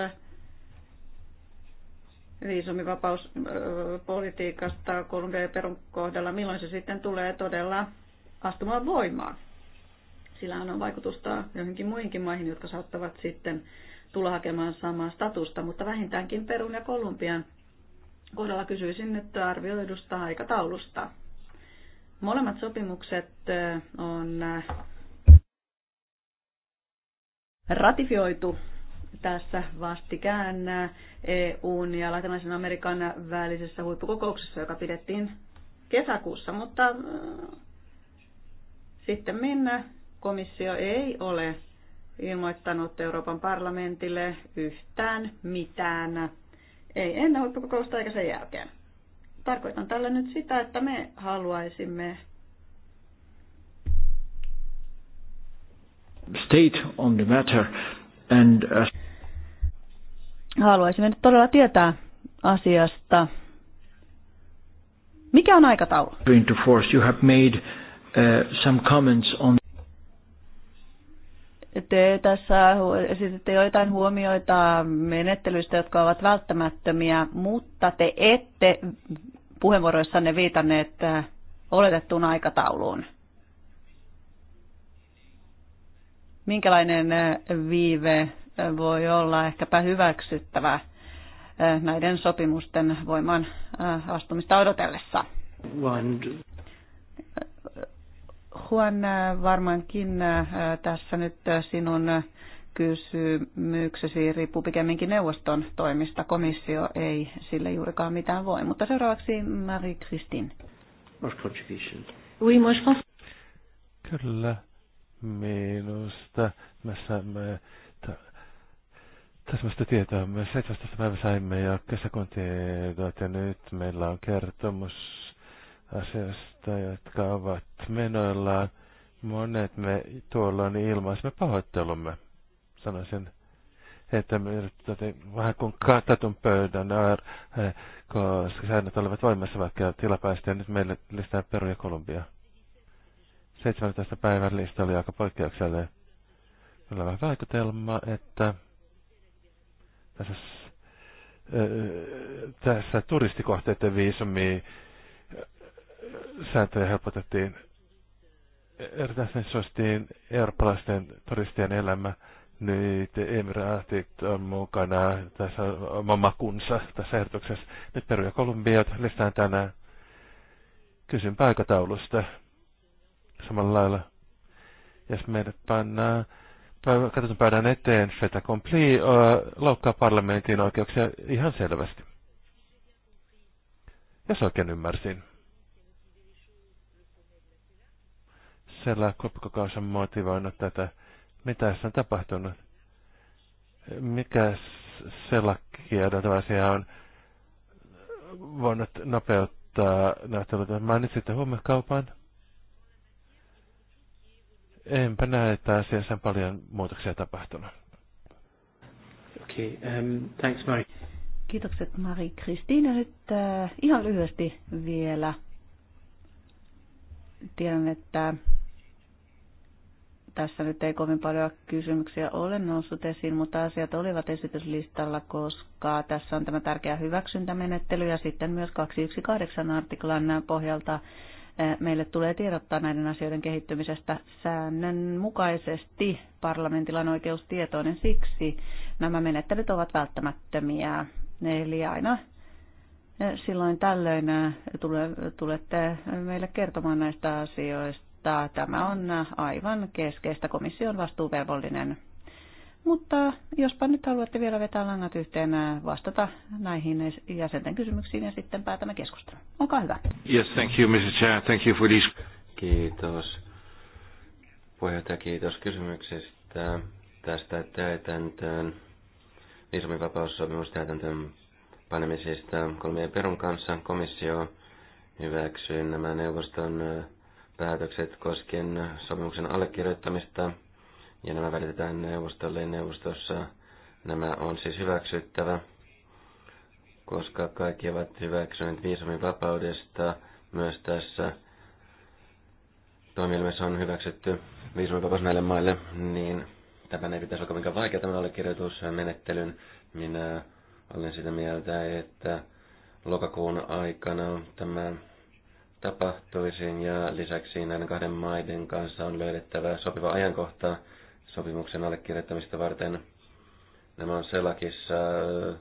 viisumivapauspolitiikasta äh, Kolumbian ja Perun kohdalla, milloin se sitten tulee todella astumaan voimaan. Sillä on vaikutusta joihinkin muihinkin maihin, jotka saattavat sitten tulla hakemaan samaa statusta, mutta vähintäänkin Perun ja Kolumbian kohdalla kysyisin nyt arvioidusta aikataulusta. Molemmat sopimukset on ratifioitu tässä vastikään EUn ja Latinalaisen Amerikan välisessä huippukokouksessa, joka pidettiin kesäkuussa, mutta sitten minne komissio ei ole ilmoittanut Euroopan parlamentille yhtään mitään. Ei ennen huippukokousta eikä sen jälkeen. Tarkoitan tällä nyt sitä, että me haluaisimme state on the matter and uh... Haluaisimme nyt todella tietää asiasta. Mikä on aikataulu? to force. You have made uh, some comments on te tässä esitätte joitain huomioita menettelyistä, jotka ovat välttämättömiä, mutta te ette puheenvuoroissanne viitanneet äh, oletettuun aikatauluun. Minkälainen äh, viive äh, voi olla ehkäpä hyväksyttävä näiden sopimusten voimaan astumista odotellessa? One. Juan, äh, varmaankin äh, tässä nyt äh, sinun kysymyksesi riippuu pikemminkin neuvoston toimista. Komissio ei sille juurikaan mitään voi. Mutta seuraavaksi marie Kristin. Oui, Kyllä, minusta me saamme täsmästä tietoa. Me 17. päivä saimme jo kesäkuun tiedot ja nyt meillä on kertomus asiasta, jotka ovat menoillaan. Monet me tuolloin me pahoittelumme. Sanoisin, että me vähän kuin katatun pöydän, eh, koska säännöt olivat voimassa vaikka tilapäisesti ja nyt meille listää Peru ja Kolumbia. 17. päivän lista oli aika poikkeuksellinen. Meillä on vaikutelma, että tässä, eh, tässä turistikohteiden viisumi sääntöjä helpotettiin erittäin suosittiin eurooppalaisten turistien elämä. Nyt emiraatit on mukana tässä oma makunsa tässä ehdotuksessa. Nyt Peru ja Kolumbiat listään tänään. Kysyn paikataulusta samalla lailla. Jos meidät pannaan, katsotaan pöydän eteen, feta compli, loukkaa parlamentin oikeuksia ihan selvästi. Jos oikein ymmärsin. siellä koppikokous on motivoinut tätä. Mitä on tapahtunut? Mikä selakkia asia on voinut nopeuttaa näyttelytä? Mainitsitte huumekaupan? Enpä näe, että asiassa on paljon muutoksia tapahtunut. Okay, um, thanks Mari. Kiitokset Mari. Kristiina nyt äh, ihan lyhyesti vielä. Tiedän, että tässä nyt ei kovin paljon kysymyksiä ole noussut esiin, mutta asiat olivat esityslistalla, koska tässä on tämä tärkeä hyväksyntämenettely ja sitten myös 218 artiklan pohjalta eh, meille tulee tiedottaa näiden asioiden kehittymisestä säännönmukaisesti. Parlamentilla on oikeus tietoon siksi nämä menettelyt ovat välttämättömiä. Eli aina eh, silloin tällöin eh, tulette meille kertomaan näistä asioista mutta tämä on aivan keskeistä. Komission vastuuvelvollinen. Mutta jospa nyt haluatte vielä vetää langat yhteen vastata näihin jäsenten kysymyksiin ja sitten päätämme keskustelun. Olkaa hyvä. Yes, thank you, Mr. Chair. Thank you for this. Kiitos. Puheenjohtaja, kiitos kysymyksestä tästä täytäntöön. Viisumivapaussopimus niin täytäntöön panemisesta kolmien perun kanssa komissio hyväksyi nämä neuvoston päätökset koskien sopimuksen allekirjoittamista, ja nämä välitetään neuvostolle neuvostossa. Nämä on siis hyväksyttävä, koska kaikki ovat hyväksyneet viisumin vapaudesta. Myös tässä toimielimessä on hyväksytty vapaus näille maille, niin tämä ei pitäisi olla kovinkaan vaikea tämän allekirjoitusmenettelyn. Minä olen sitä mieltä, että lokakuun aikana tämä tapahtuisi ja lisäksi näiden kahden maiden kanssa on löydettävä sopiva ajankohta sopimuksen allekirjoittamista varten. Nämä on selakissa äh,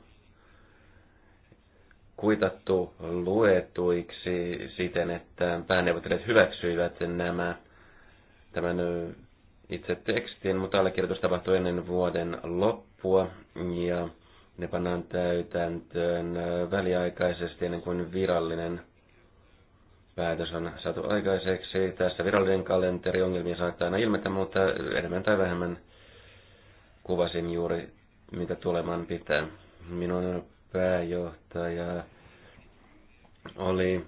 kuitattu luetuiksi siten, että pääneuvottelijat hyväksyivät nämä tämän äh, itse tekstin, mutta allekirjoitus tapahtuu ennen vuoden loppua ja ne pannaan täytäntöön äh, väliaikaisesti ennen kuin virallinen päätös on saatu aikaiseksi. Tässä virallinen kalenteri ongelmia saattaa aina ilmetä, mutta enemmän tai vähemmän kuvasin juuri, mitä tuleman pitää. Minun pääjohtaja oli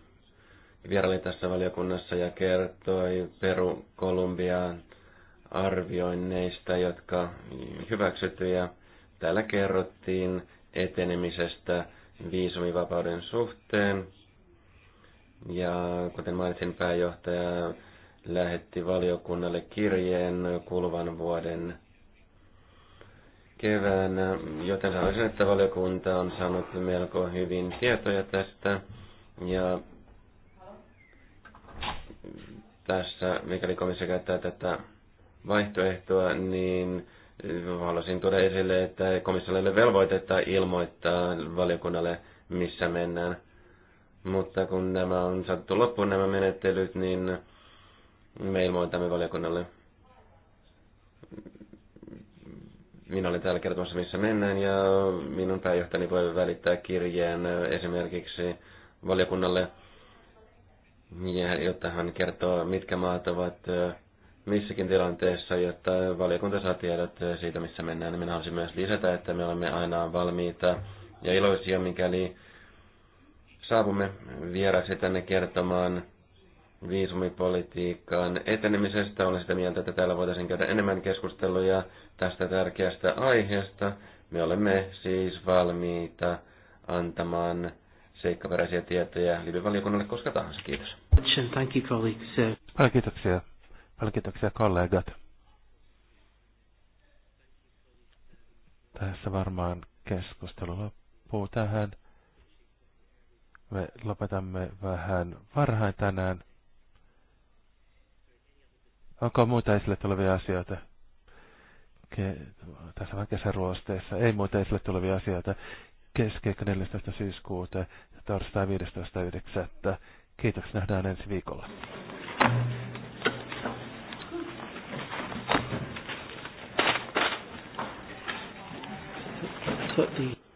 vieraili tässä valiokunnassa ja kertoi Peru Kolumbiaan arvioinneista, jotka hyväksyttiin ja täällä kerrottiin etenemisestä viisumivapauden suhteen ja kuten mainitsin, pääjohtaja lähetti valiokunnalle kirjeen kuluvan vuoden keväänä, joten sanoisin, että valiokunta on saanut melko hyvin tietoja tästä. Ja tässä, mikäli komissio käyttää tätä vaihtoehtoa, niin haluaisin tuoda esille, että komissiolle velvoitetta ilmoittaa valiokunnalle, missä mennään. Mutta kun nämä on saatu loppuun nämä menettelyt, niin me ilmoitamme valiokunnalle. Minä olin täällä kertomassa, missä mennään, ja minun pääjohtani voi välittää kirjeen esimerkiksi valiokunnalle, jotta hän kertoo, mitkä maat ovat missäkin tilanteessa, jotta valiokunta saa tiedot siitä, missä mennään. Minä haluaisin myös lisätä, että me olemme aina valmiita ja iloisia, mikäli saapumme vieraksi tänne kertomaan viisumipolitiikkaan etenemisestä. Olen sitä mieltä, että täällä voitaisiin käydä enemmän keskusteluja tästä tärkeästä aiheesta. Me olemme siis valmiita antamaan seikkaperäisiä tietoja live koska tahansa. Kiitos. Thank you, colleagues. Paljon kiitoksia. Paljon kiitoksia kollegat. Tässä varmaan keskustelu loppuu tähän. Me lopetamme vähän varhain tänään. Onko muita esille tulevia asioita? Ke- tässä on kesäruosteessa. Ei muita esille tulevia asioita. Keskeikka 14. syyskuuta ja torstai 15.9. Kiitoksia. Nähdään ensi viikolla. Thank you.